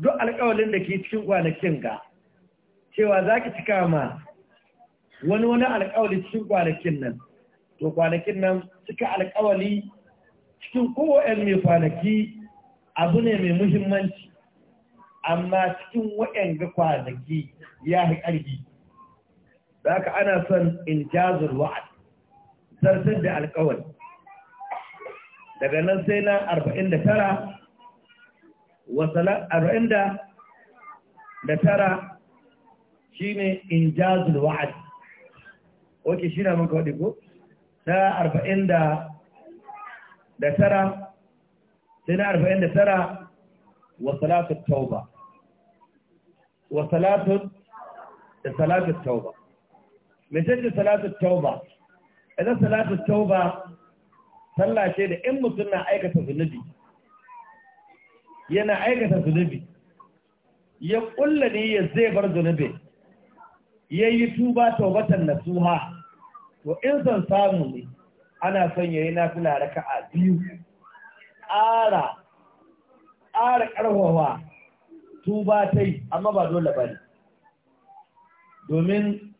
duk alƙawarin da ke cikin kwanakin ga cewa za ki cika ma wani wani alƙawari cikin kwanakin nan to kwanakin nan suka alkawali cikin kowane mai kwanaki abu ne mai muhimmanci amma cikin ga kwanaki ya fi ƙarfi da ana son in jazur wa'ad zartar da alkawali daga nan sai na 49 wasala 49 da tara shine injazul wa'ad wace shi na muka waɗi ko? na arba'in da tara sai na arba'in da tara wa salatun tauba wa salatun da salatun tauba mecece salatun tauba idan salatun tauba sallah ce da in mutum na aikata zunubi yana aikata zunubi ya kulla ne ya zai bar zunubi ya yi tuba taubatan nasuha to in zan samu ne ana son yayi nafila raka'a biyu ƙara ƙara ƙarfafa tuba ta yi amma ba dole ba ne domin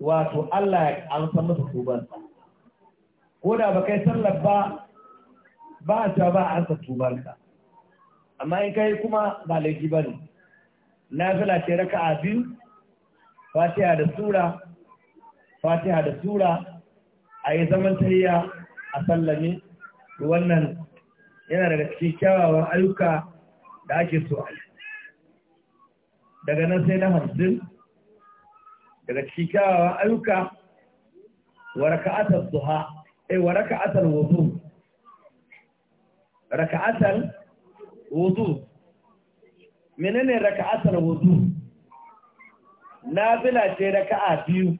wato Allah ya amsa masa tubarsa ko da ba kai sallar ba ba ta ba a ansa amma in kai kuma ba laifi ba ne na ce raka a biyu fatiha da sura fatiha da sura a yi zaman tariya a sallame wannan yana daga cikin kyawawan ayyuka da ake so a daga nan sai na hamsin daga cikin kyawawan ayyuka wa raka'atar zuha. eh wa raka'atar wudu raka'atar wudu menene raka'atar wudu nafila ce raka'a biyu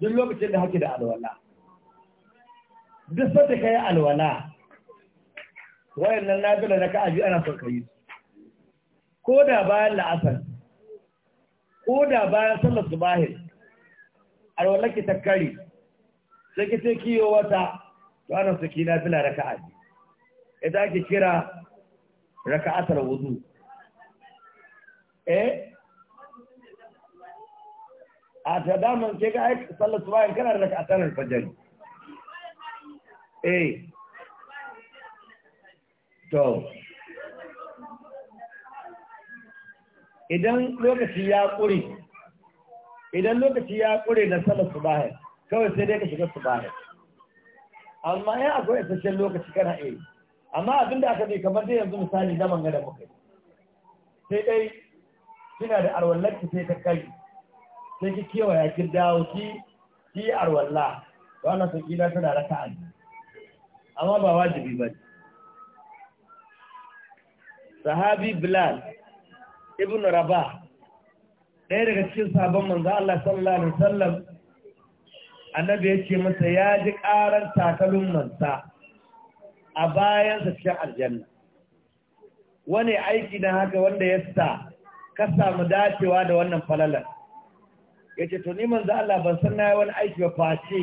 duk lokacin da hake da alwala duk sanda ka yi alwala wayannan nafila da ka abi ana son ka yi ko da bayan la'asar ko da bayan sallar subahin alwala ki ta kari, sai ki sai kiyo wata to ana son ki na da ka abi ita ake kira raka'atul wudu eh a ta damar ce ga aiki sallar su bayan kanar da katanar fajar eh to idan lokaci ya ƙure idan lokaci ya ƙure na sallar su bayan kawai sai dai ka shiga su bayan amma ya akwai isasshen lokaci kana eh amma abin da aka bai kamar dai yanzu misali zaman gada da muka sai dai kina da arwallarki sai ta kai sai ki kewaya ki dawo ki ki arwalla wannan sun kila tana raka'a amma ba wajibi ba ne sahabi bilal ibn Raba, ɗaya daga cikin sabon manzo Allah sallallahu alaihi wasallam annabi ya ce masa ya ji ƙaran takalin mansa a bayansa cikin aljanna wani aiki na haka wanda ya sa ka samu dacewa da wannan falalar ya ce to ni manzo Allah ban san na wani aiki ba face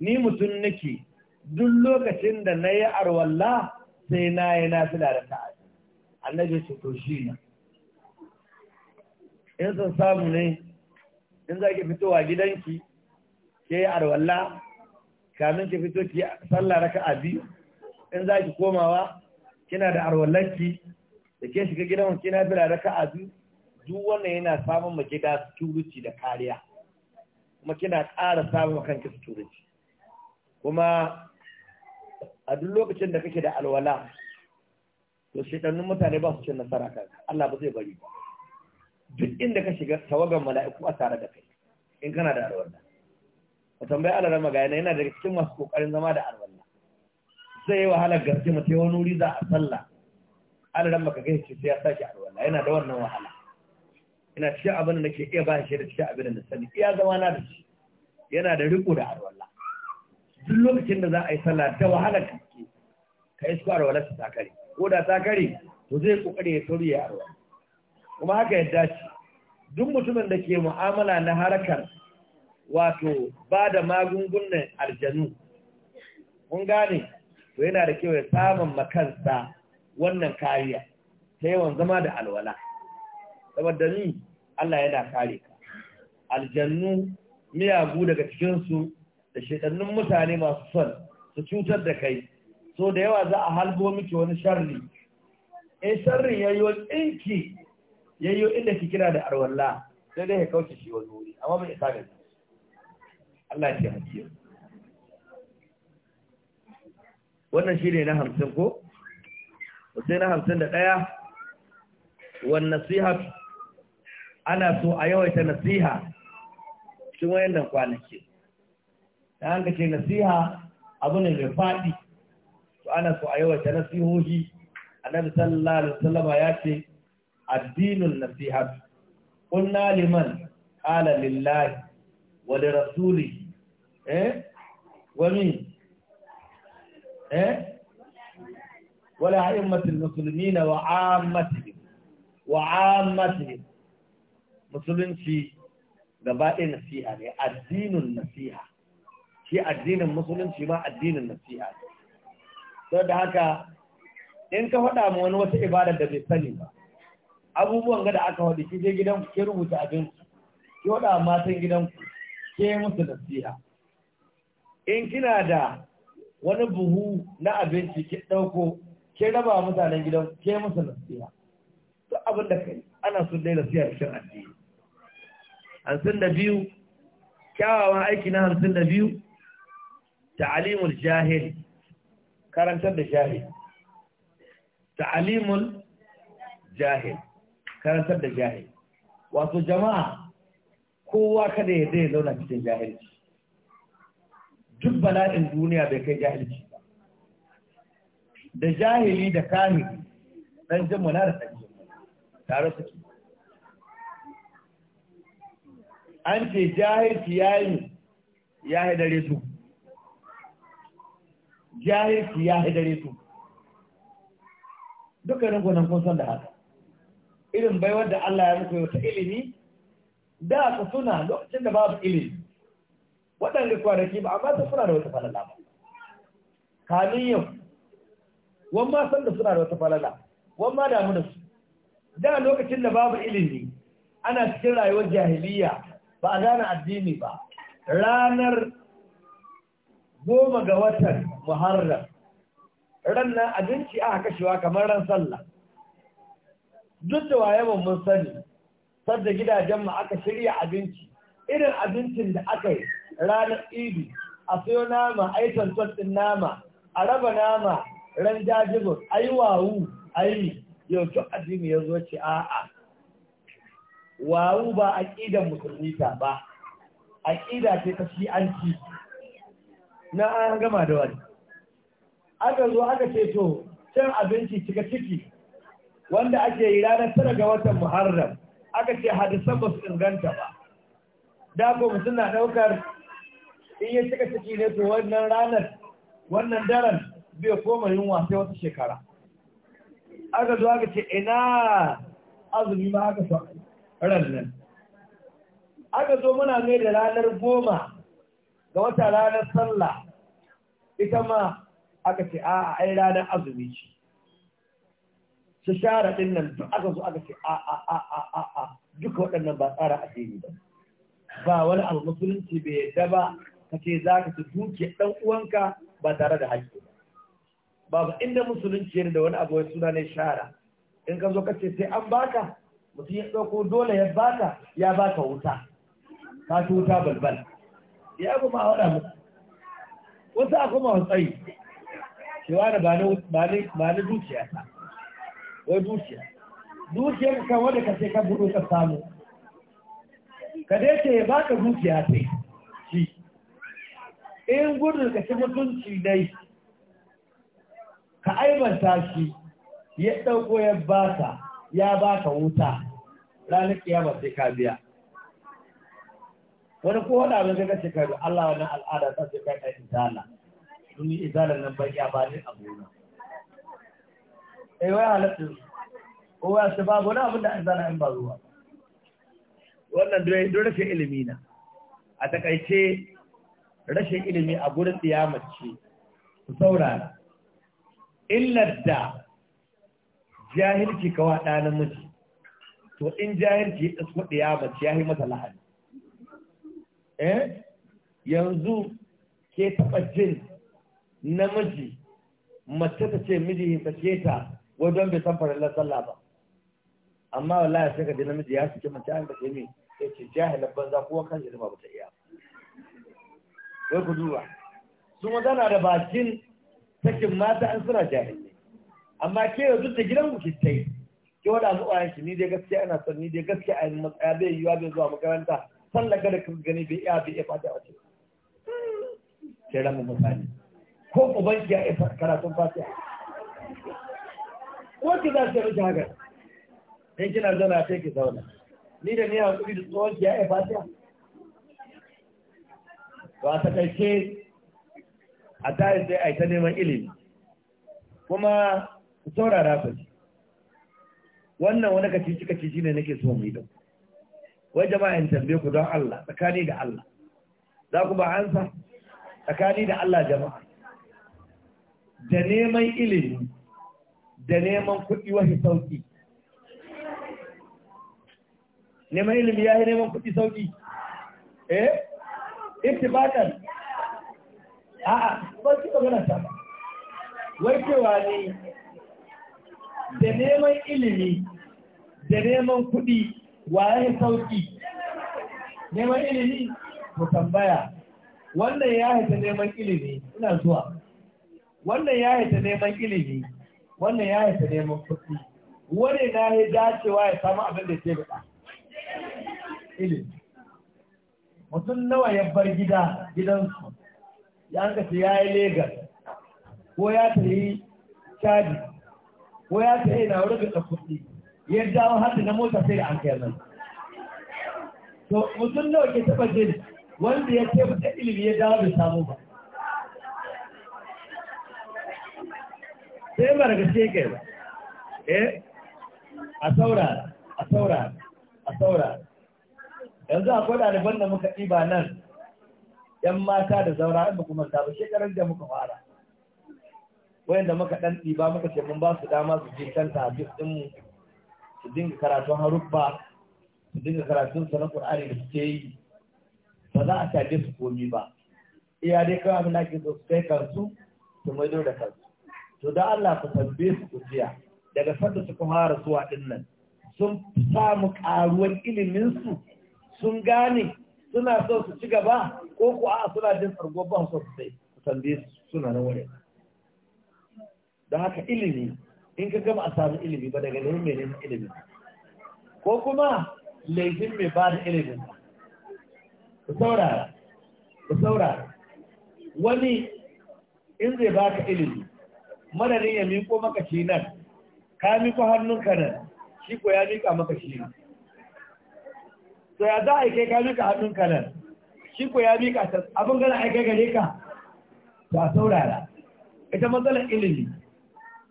ni mutum nake duk lokacin da na yi arwalla sai na yi na fila da ta'adi annabi ce to shi na in sun samu ne in za ki fitowa gidanki ke yi arwalla kamin ki fito ki sallah raka a biyu in za ki komawa kina da arwallanki da ke shiga gidan kina fila raka a biyu duk wannan yana samun ma gida security da kariya kuma kina ƙara samun kanki security kuma a duk lokacin da kake da alwala to shedannun mutane ba su cin nasara kanka? Allah ba zai bari ba duk inda ka shiga tawagan mala'iku a tare da kai in kana da alwala ka tambayi Allah da magana yana daga cikin masu kokarin zama da alwala zai yi wahalar gaske mutai wani wuri za a sallah Allah rama ka gaishe sai ya sake alwala yana da wannan wahala ina cikin abin da nake iya ba shi da cikin abin da na sani iya zama na da shi yana da riko da alwala duk lokacin da za a yi sallah ta wahala ka ke ka isko alwala ta ko da ta to zai kokari ya sauri ya alwala kuma haka ya dace duk mutumin da ke mu'amala na harkar wato ba da magungunan aljanu kun gane to yana da kyau ya samun makansa wannan kariya ta yawan zama da alwala saboda ni Allah yana kare ka aljannu miyagu daga cikinsu da shaidannun mutane masu son su cutar da kai so da yawa za a halbo miki wani sharri in sharrin yayyo tsinki yayyo inda ki kira da arwalla sai dai ya kauce shi wani wuri amma bai isa gani Allah ya taimake wannan shi ne na hamsin ko sai na hamsin da ɗaya wannan nasihat ana so a yawaita nasiha cikin wayannan kwanaki ta hanga ce nasiha abu ne mai faɗi to ana so a yawaita nasihohi annabi sallallahu sallama ya ce addinin nasiha kunna liman ala lillahi wa li rasulihi eh wani min eh ولا أئمة المسلمين وعامتهم وعامتهم musulunci gaba ɗaya nasiha ne addinin nasiha shi addinin musulunci ma addinin nasiha ne So da haka in ka faɗa ma wani wata ibadar da bai sani ba abubuwan gada aka faɗi ki je gidanku ki rubuta ku, ki faɗa matan gidan ku, ke musu nasiha in kina da wani buhu na abinci ki ɗauko ke raba mutanen gidan ke musu nasiha duk abin da kai ana sun dai nasiha cikin addini hamsin da biyu kyawawan aiki na hamsin da biyu ta'alimul jahil karantar da jahil ta'alimul jahil karantar da jahil wato jama'a kowa kada ya zai zauna cikin jahilci duk bala'in duniya bai kai jahilci da jahili da kahiri ɗan jin da ɗan jin tare suke an ce jahilci ya yi ya hidare su jahilci ya hidare su dukkanin kunan kun san da haka irin baiwar da Allah ya muku wata ilimi da ka suna lokacin da babu ilimi waɗanda kwanaki ba amma ta suna da wata falala ba kamin yau wani ma san da suna da wata falala wani ma damu da su da lokacin da babu ilimi ana cikin rayuwar jahiliya ba a gane addini ba ranar goma ga watan muharram ranar abinci aka kashewa kamar ran sallah duk da wayaban mun sani sadda gidajen mu aka shirya abinci irin abincin da aka yi ranar idi a sayo nama a yi tantantin nama a raba nama ran jajigun a yi wawu a yi yau addini ya zo ce a'a wawu ba aƙidar musulmi ta ba A ƙida ce ta ci na an gama da wani aka zo aka ce to cin abinci cika ciki wanda ake yi ranar tara ga watan muharram aka ce hadisan ba su inganta ba da kuma suna ɗaukar in yi cika ciki ne to wannan ranar wannan daren bai koma yunwa sai wata shekara aka zo aka ce ina azumi ma aka so ran nan aka zo muna mai da ranar goma ga wata ranar sallah ita ma aka ce a ai ranar azumi ce su share ɗin nan duk aka zo aka ce a a a a a a duka waɗannan ba tsara addini ba ba wani abu bai yadda ba ka ce za ka ci duke ɗan uwanka ba tare da haƙƙi ba babu inda musulunci yana da wani abu wai suna ne shara in ka zo ka ce sai an baka mutum ya ɗauko dole ya baka ya baka wuta ka ci wuta balbal ya kuma a waɗa muku wasu a kuma watsayi cewa da ba na dukiya ta wai dukiya Dukiya kan wanda ka ce ka buɗo ka samu ka dai ce ya baka dukiya ta shi in gudun ka ci mutunci dai ka aibanta shi ya ɗauko ya baka ya baka wuta ranar kiyama sai ka biya wani ko wani abin ga kace kai Allah wannan al'ada ta ce kai kai izala dun yi izala nan bai ya bani gona. eh wai halatta ko ya ce babu wani abin da izala in ba zuwa wannan dole dole sai ilimi na a takaice rashin ilimi a gurin ce. ku saurara Illa da jahilci kawa ɗa namiji to in jahilci ya tsasko ɗaya mace ya yi mata lahani eh yanzu ke taɓa jin namiji mace ta ce miji ta ke ta wajen bai san farin sallah ba amma wallahi sai ka ji namiji ya suke mace an ka ce min ya ce jahilar banza kuwa kan shi ba ta iya wai ku duba su maza na da bakin sakin mata an suna jahilai amma ke yanzu da gidan ku ke ta yi ki wada mu ayan shi ni dai gaskiya ina son ni dai gaskiya yin matsaya bai yiwuwa bai zuwa makaranta sallaka da kan gani bai iya bai iya fata wace ke ramu misali ko uban banki ya iya karatun fatiha ko ki za ki rufe haka in kina zauna sai ki zauna ni da ni hankali da tsohon ki ya iya fatiha ba ta kai a tare sai a yi ta neman ilimi kuma ku saurara ku ji wannan wani kacici kacici ne nake so mu yi da wai jama'a in tambaye ku don Allah tsakani da Allah za ku ba ansa tsakani da Allah jama'a da neman ilimi da neman kuɗi wahi sauki neman ilimi ya yi neman kuɗi sauki eh iftibakan a'a ba ki magana ta wai cewa ne da neman ilimi da neman kuɗi waye sauki neman ilimi ko tambaya wannan ya haita neman ilimi ina zuwa wannan ya haita neman ilimi wannan ya haita neman kuɗi wani na ya dacewa ya samu abin da ke gaba ilimi mutum nawa ya bar gida gidansu ya ce ya yi legas ko ya tafi cadi ko ya ce eh, na wurin da kuɗi ya dawo har na mota sai da an kai nan to mutum nawa ke taba jin wanda ya taimaka ilimi ya dawo da samu ba sai ba daga sheke ba eh a saura, a saura, a saura, yanzu a kwada da muka ɗiba nan ‘yan mata da zaura ba kuma sabu shekarar da muka fara wayanda muka dan ɗiba muka ce mun ba su dama su je kanta a duk ɗinmu su dinga karatun haruffa su dinga karatun sa na Qur'ani da suke yi ba za a tage su komi ba iya dai kawai abin da ake so su kai kansu su mai da kansu to da Allah ku tambaye su ku jiya daga sanda suka fara zuwa dinnan sun samu ƙaruwar ilimin su sun gane suna so su ci gaba ko ku a suna jin tsargo ba su sai ku tambaye su suna na wurin don haka ilimi in ka gama a samu ilimi ba daga laifin mai nemi ilimin ko kuma laifin mai ba da ilimin ku saurara ku saurara wani in zai baka ilimi madadin ya miko maka shi nan ka miko hannunka nan shi ko ya mika maka shi nan to ya za a kai ka hannun hannunka nan shi ko ya mika abin gana aikai gare ka to a saurara ita matsalar ilimi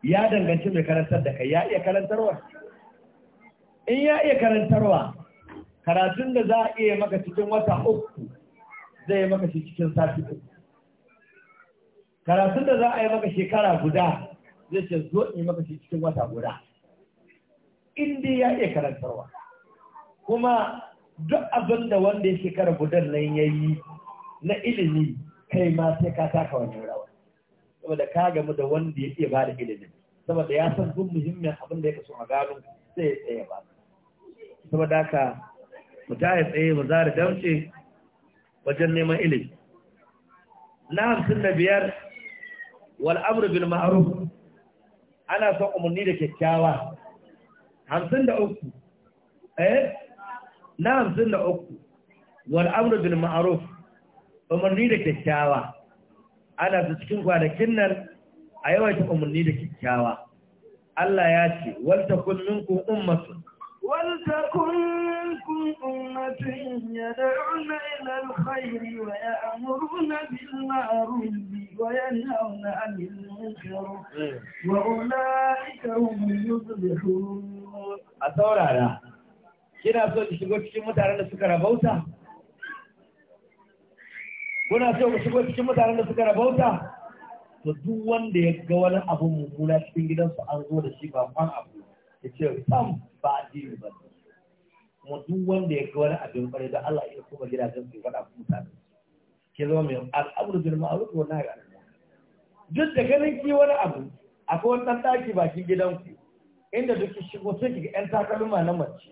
ya danganci mai karantar da kai ya iya karantarwa in ya iya karantarwa karatun da za a iya maka cikin wata uku zai yi maka cikin sati uku karatun da za a yi maka shekara guda zai ce zo in yi maka cikin wata guda in dai ya iya karantarwa kuma duk abin da wanda ya shekara gudan nan ya yi na ilimi kai ma sai ka taka wani wuri saboda ka gamu da wanda ya iya bada ilimin saboda ya san duk muhimmin abin da ya kasu a gano sai ya tsaye ba saboda haka mu ta ya tsaye mu zara dauce wajen neman ilimi na hamsin da biyar wal amru bil ma'ruf ana son umarni da kyakkyawa hamsin da uku eh na hamsin da uku wal amru bil ma'ruf umarni da kyakkyawa ana su cikin kwanakin nan a yawaita umarni da kyakkyawa Allah ya ce walta kullun ku ummatun walta kullun ku ummatun yad'una ila alkhairi wa ya'muruna bil ma'ruf wa yanhauna karo munkar hmm. wa ulaika hum yuflihun a saurara kina so ki shigo cikin mutanen da suka rabauta kuna so ku shigo cikin mutanen da suka rabauta to duk wanda ya ga wani abu mummuna cikin gidansu an zo da shi ba kwan abu ya ce sam ba addini ba kuma duk wanda ya ga wani abin kwarai da Allah ya kuma gidajen su faɗa ku mutane ke zama mai al'amuru bil ma'ruf wa nahy anil duk da ganin ki wani abu akwai wani ɗan ɗaki bakin gidanku inda duk shigo sai kiga ƴan takalma na mace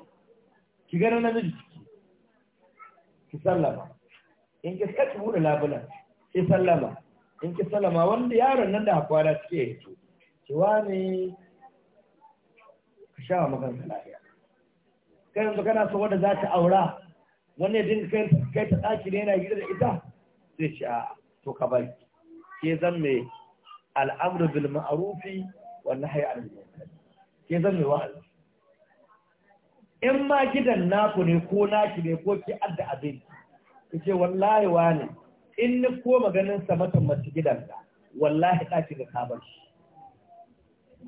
ki ga namiji ciki ki sallama in ki saki buɗe labulan sai sallama in ki sallama wanda yaron nan da hakwara suke ya to ki wani ka sha wa makanka lafiya kai yanzu kana so wanda za ta aura wani ya dinga kai ta tsaki ne yana gida da ita zai ci a to ka bari ke zan mai al'amru bil ma'arufi wa nahyi anil munkar ke zan mai wa'azi in ma gidan naku ne ko naki ne ko ki adda abinci ka ce wallahi wani in ni ko maganin sa matan mace gidanka wallahi ka ga kabar shi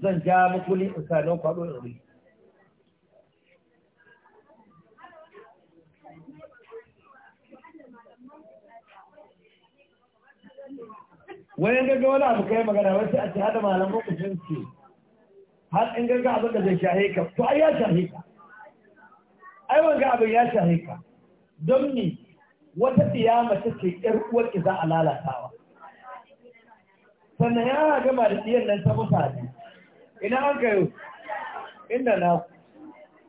zan ja makuli in sa nan kwado in rufe wani gaga wani abu kai magana wasu a tare da malaman ku sun ce har in ga abin da zai shahe ka to ai ya shahe ka ai wanga abin ya shahe ka don ni wata tsiyama ce, ƴar uwarki za a lalatawa sannan ya gama da tsiyan nan ta mutane ina an kayo inda na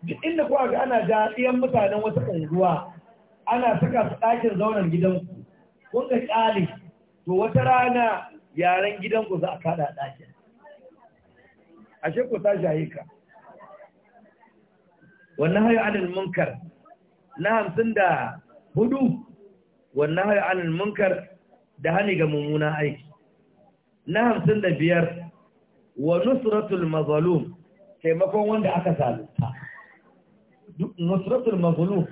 duk inda kuwa ga ana ja tsiyan mutanen wata unguwa ana saka su ɗakin zaunar gidanku kun ga to wata rana yaren gidanku za a kada ɗakin ashe ku ta shaye ka wannan hayo adal munkar na hamsin da hudu wannan haya anil munkar da hani ga mummuna aiki na hamsin da biyar wa nusratul mazalum taimakon wanda aka zalunta nusratul mazlum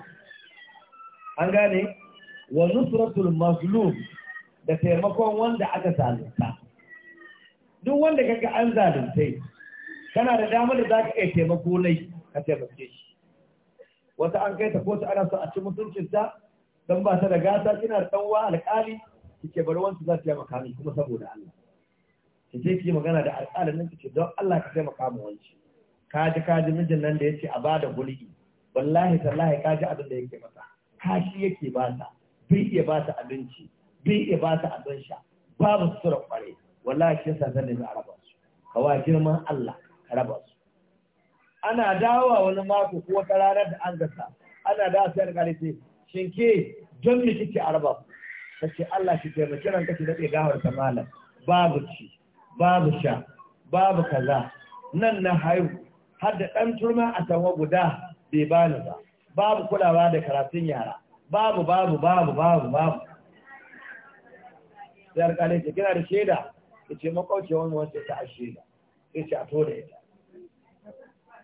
an gane wa nusratul mazlum da taimakon wanda aka zalunta duk wanda kaka an yi, kana da damar da za ka iya taimako nai ka taimake shi wata an kai ta kotu ana so a ci mutuncinta dan ba ta da gata kina da ɗanwa alƙali kike bar wansu za su yi makami kuma saboda Allah ki je ki magana da alƙalin nan kike don Allah ka sai makamu wanci kaji kaji mijin nan da yace a bada gulki wallahi tallahi kaji abin da yake masa kashi yake ba ta bai iya ba ta abinci bai iya ba ta abin sha babu sura kware wallahi shi yasa zan nemi a raba su wa girman Allah ka raba su ana dawowa wani mako ko wata ranar da an gasa ana da sai alƙali sai shin ke don me kike araba kace Allah Allah ke taimaki ran ki daɗe gawar ta malam babu ci babu sha babu kaza nan na haihu har da ɗan turma a tawa guda bai bani ba babu kulawa da karatun yara babu babu babu babu babu sai alƙalai ce kina da shaida ya ce makauce wani wace ta a shaida sai ce a to da ita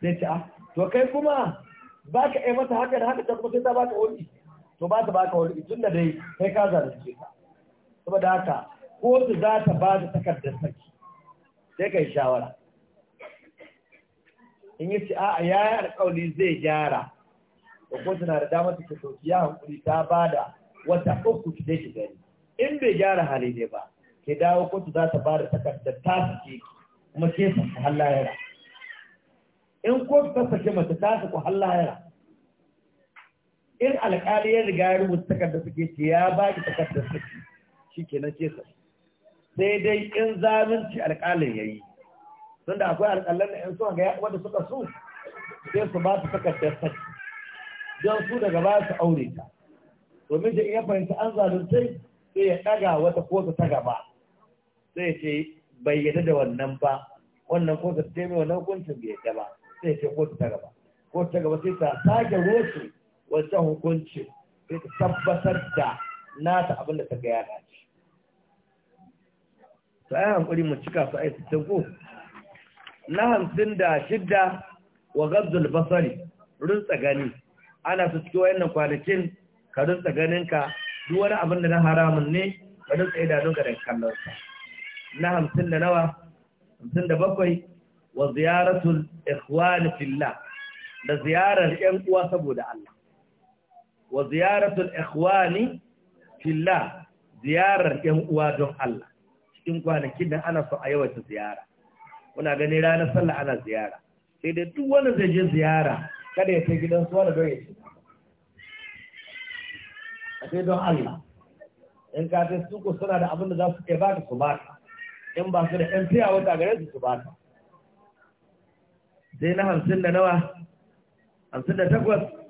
sai ce a ah, to kai kuma baka ka yi mata haka da haka ta kuma sai ta ba ka wani to ba ta baka wani tun da dai sai ka su ka saboda haka kotu za ta ba da takardar saki sai kai shawara in yi ci a ya yi alkawali zai gyara da kotu na da damar ta to ya hankuri ta ba da wata uku ki ki gani in bai gyara hali ne ba ke dawo kotu za ta ba da takardar ta suke kuma ke sa ku hallayara in kotu ta sake mace ta su ku hallayara in alƙali ya riga ya rubuta takardar suke ce ya ba ki takardar suke shi ke na sa sai dai in zalunci alƙalin ya yi da akwai alƙalan da 'yan suka ga wanda suka so sai su ba su takardar saki don su daga ba su aure ta domin da iya fahimta an zalunce sai ya ɗaga wata kotu ta gaba sai ce bai yadda da wannan ba wannan kotu ta mai wannan hukuncin bai yadda ba sai ce kotu ta gaba kotu ta gaba sai ta sake rosu wancan hukuncin sai ta tabbatar da nata abin da ta ga ya dace to ai hankuri mu cika su ai sittin ko na hamsin da shidda wa gabzul basari rinsa gani ana su cikin wayannan kwanakin ka rinsa ganinka duk wani abin da na haramun ne ka rinsa idanunka da kallon sa na hamsin da nawa hamsin da bakwai wa ziyaratul ikhwani fillah da ziyarar ƴan uwa saboda Allah wa ziyaratul ikhwani fillah ziyarar yan uwa don Allah cikin kwanakin nan ana so a yawaita ziyara kuna gani ranar sallah ana ziyara sai da duk wanda zai je ziyara kada ya kai gidan su wanda don ya ce a sai don Allah in ka sai su ko suna da abin da za su kai baka su baka in ba su da ɗan tsaya wata gare su su baka sai na hamsin da nawa hamsin da takwas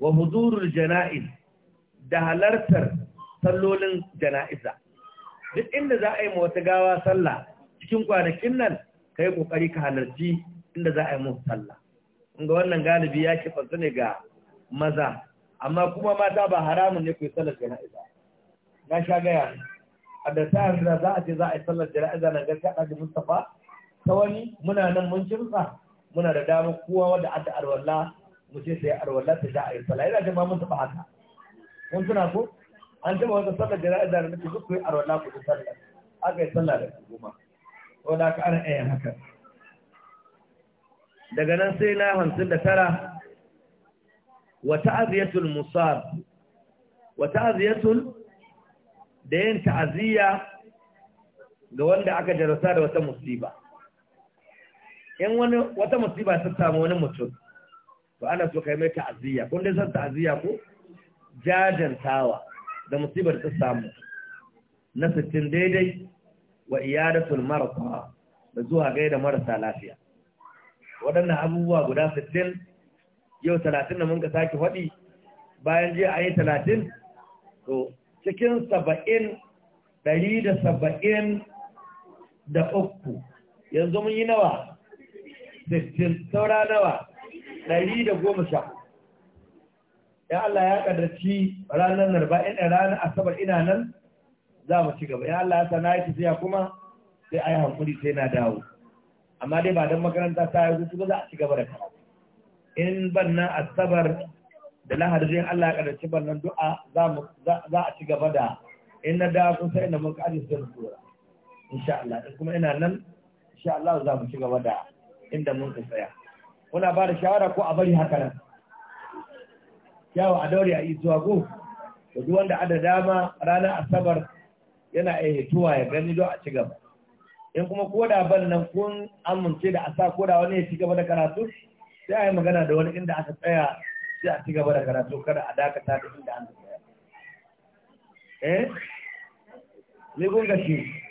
wa huzurur jana'iz da halartar sallolin jana'iza duk inda za a yi wata gawa sallah cikin kwanakin nan ka yi kokari ka halarci inda za a yi musu sallah ga wannan galibi ya ki fansu ne ga maza amma kuma mata ba haramun ne ku yi sallar jana'iza na sha gaya a da sa da za a ce za a yi sallar jana'iza na gaskiya ɗaji mustapha ta wani muna nan mun kirsa muna da damar kowa wadda adda arwalla mutum sai arwallah ta za a yi sala yana da mun taɓa haka kun tuna ko an taɓa wata sallar da za'a zara nake duk ku yi arwallah ku sallar aka yi sallah da goma ko da ka ana ɗaya haka daga nan sai na hamsin da tara wa ta'aziyatul musab wa ta'aziyatul da yin ta'aziyya ga wanda aka jarasa da wata musiba in wani wata musiba ta samu wani mutum to ana so kai mai ta'aziyya kun dai san ta'aziyya ko jajantawa da musibar ta samu na sittin daidai wa iyadatul marasa da zuwa gaida marasa lafiya waɗannan abubuwa guda sittin yau talatin da mun ka sake faɗi bayan jiya ayi yi talatin to cikin saba'in ɗari da saba'in da uku yanzu mun yi nawa sittin saura nawa ɗari da goma sha ya Allah ya ƙaddarci ranar narba ina ranar asabar ina nan za mu ci gaba ya Allah ya sa na yi tafiya kuma sai a yi hankuri sai na dawo amma dai ba don makaranta ta yi hutu za a ci gaba da karatu in ban nan asabar da lahadin Allah ya ƙaddarci ban nan du'a za a ci gaba da in na dawo kun sai na mun ƙari sai na tura insha Allah in kuma ina nan insha Allah za mu ci gaba da inda mun tsaya kuna ba da shawara ko a bari haka nan yawa a daure a yi zuwa ko da duk wanda ada dama ranar asabar yana iya hituwa ya gani do a ci gaba in kuma ko da ban nan kun amince da asa ko da wani ya ci gaba da karatu sai a yi magana da wani inda aka tsaya sai a ci gaba da karatu kada a dakata da inda an tsaya eh me kun gashi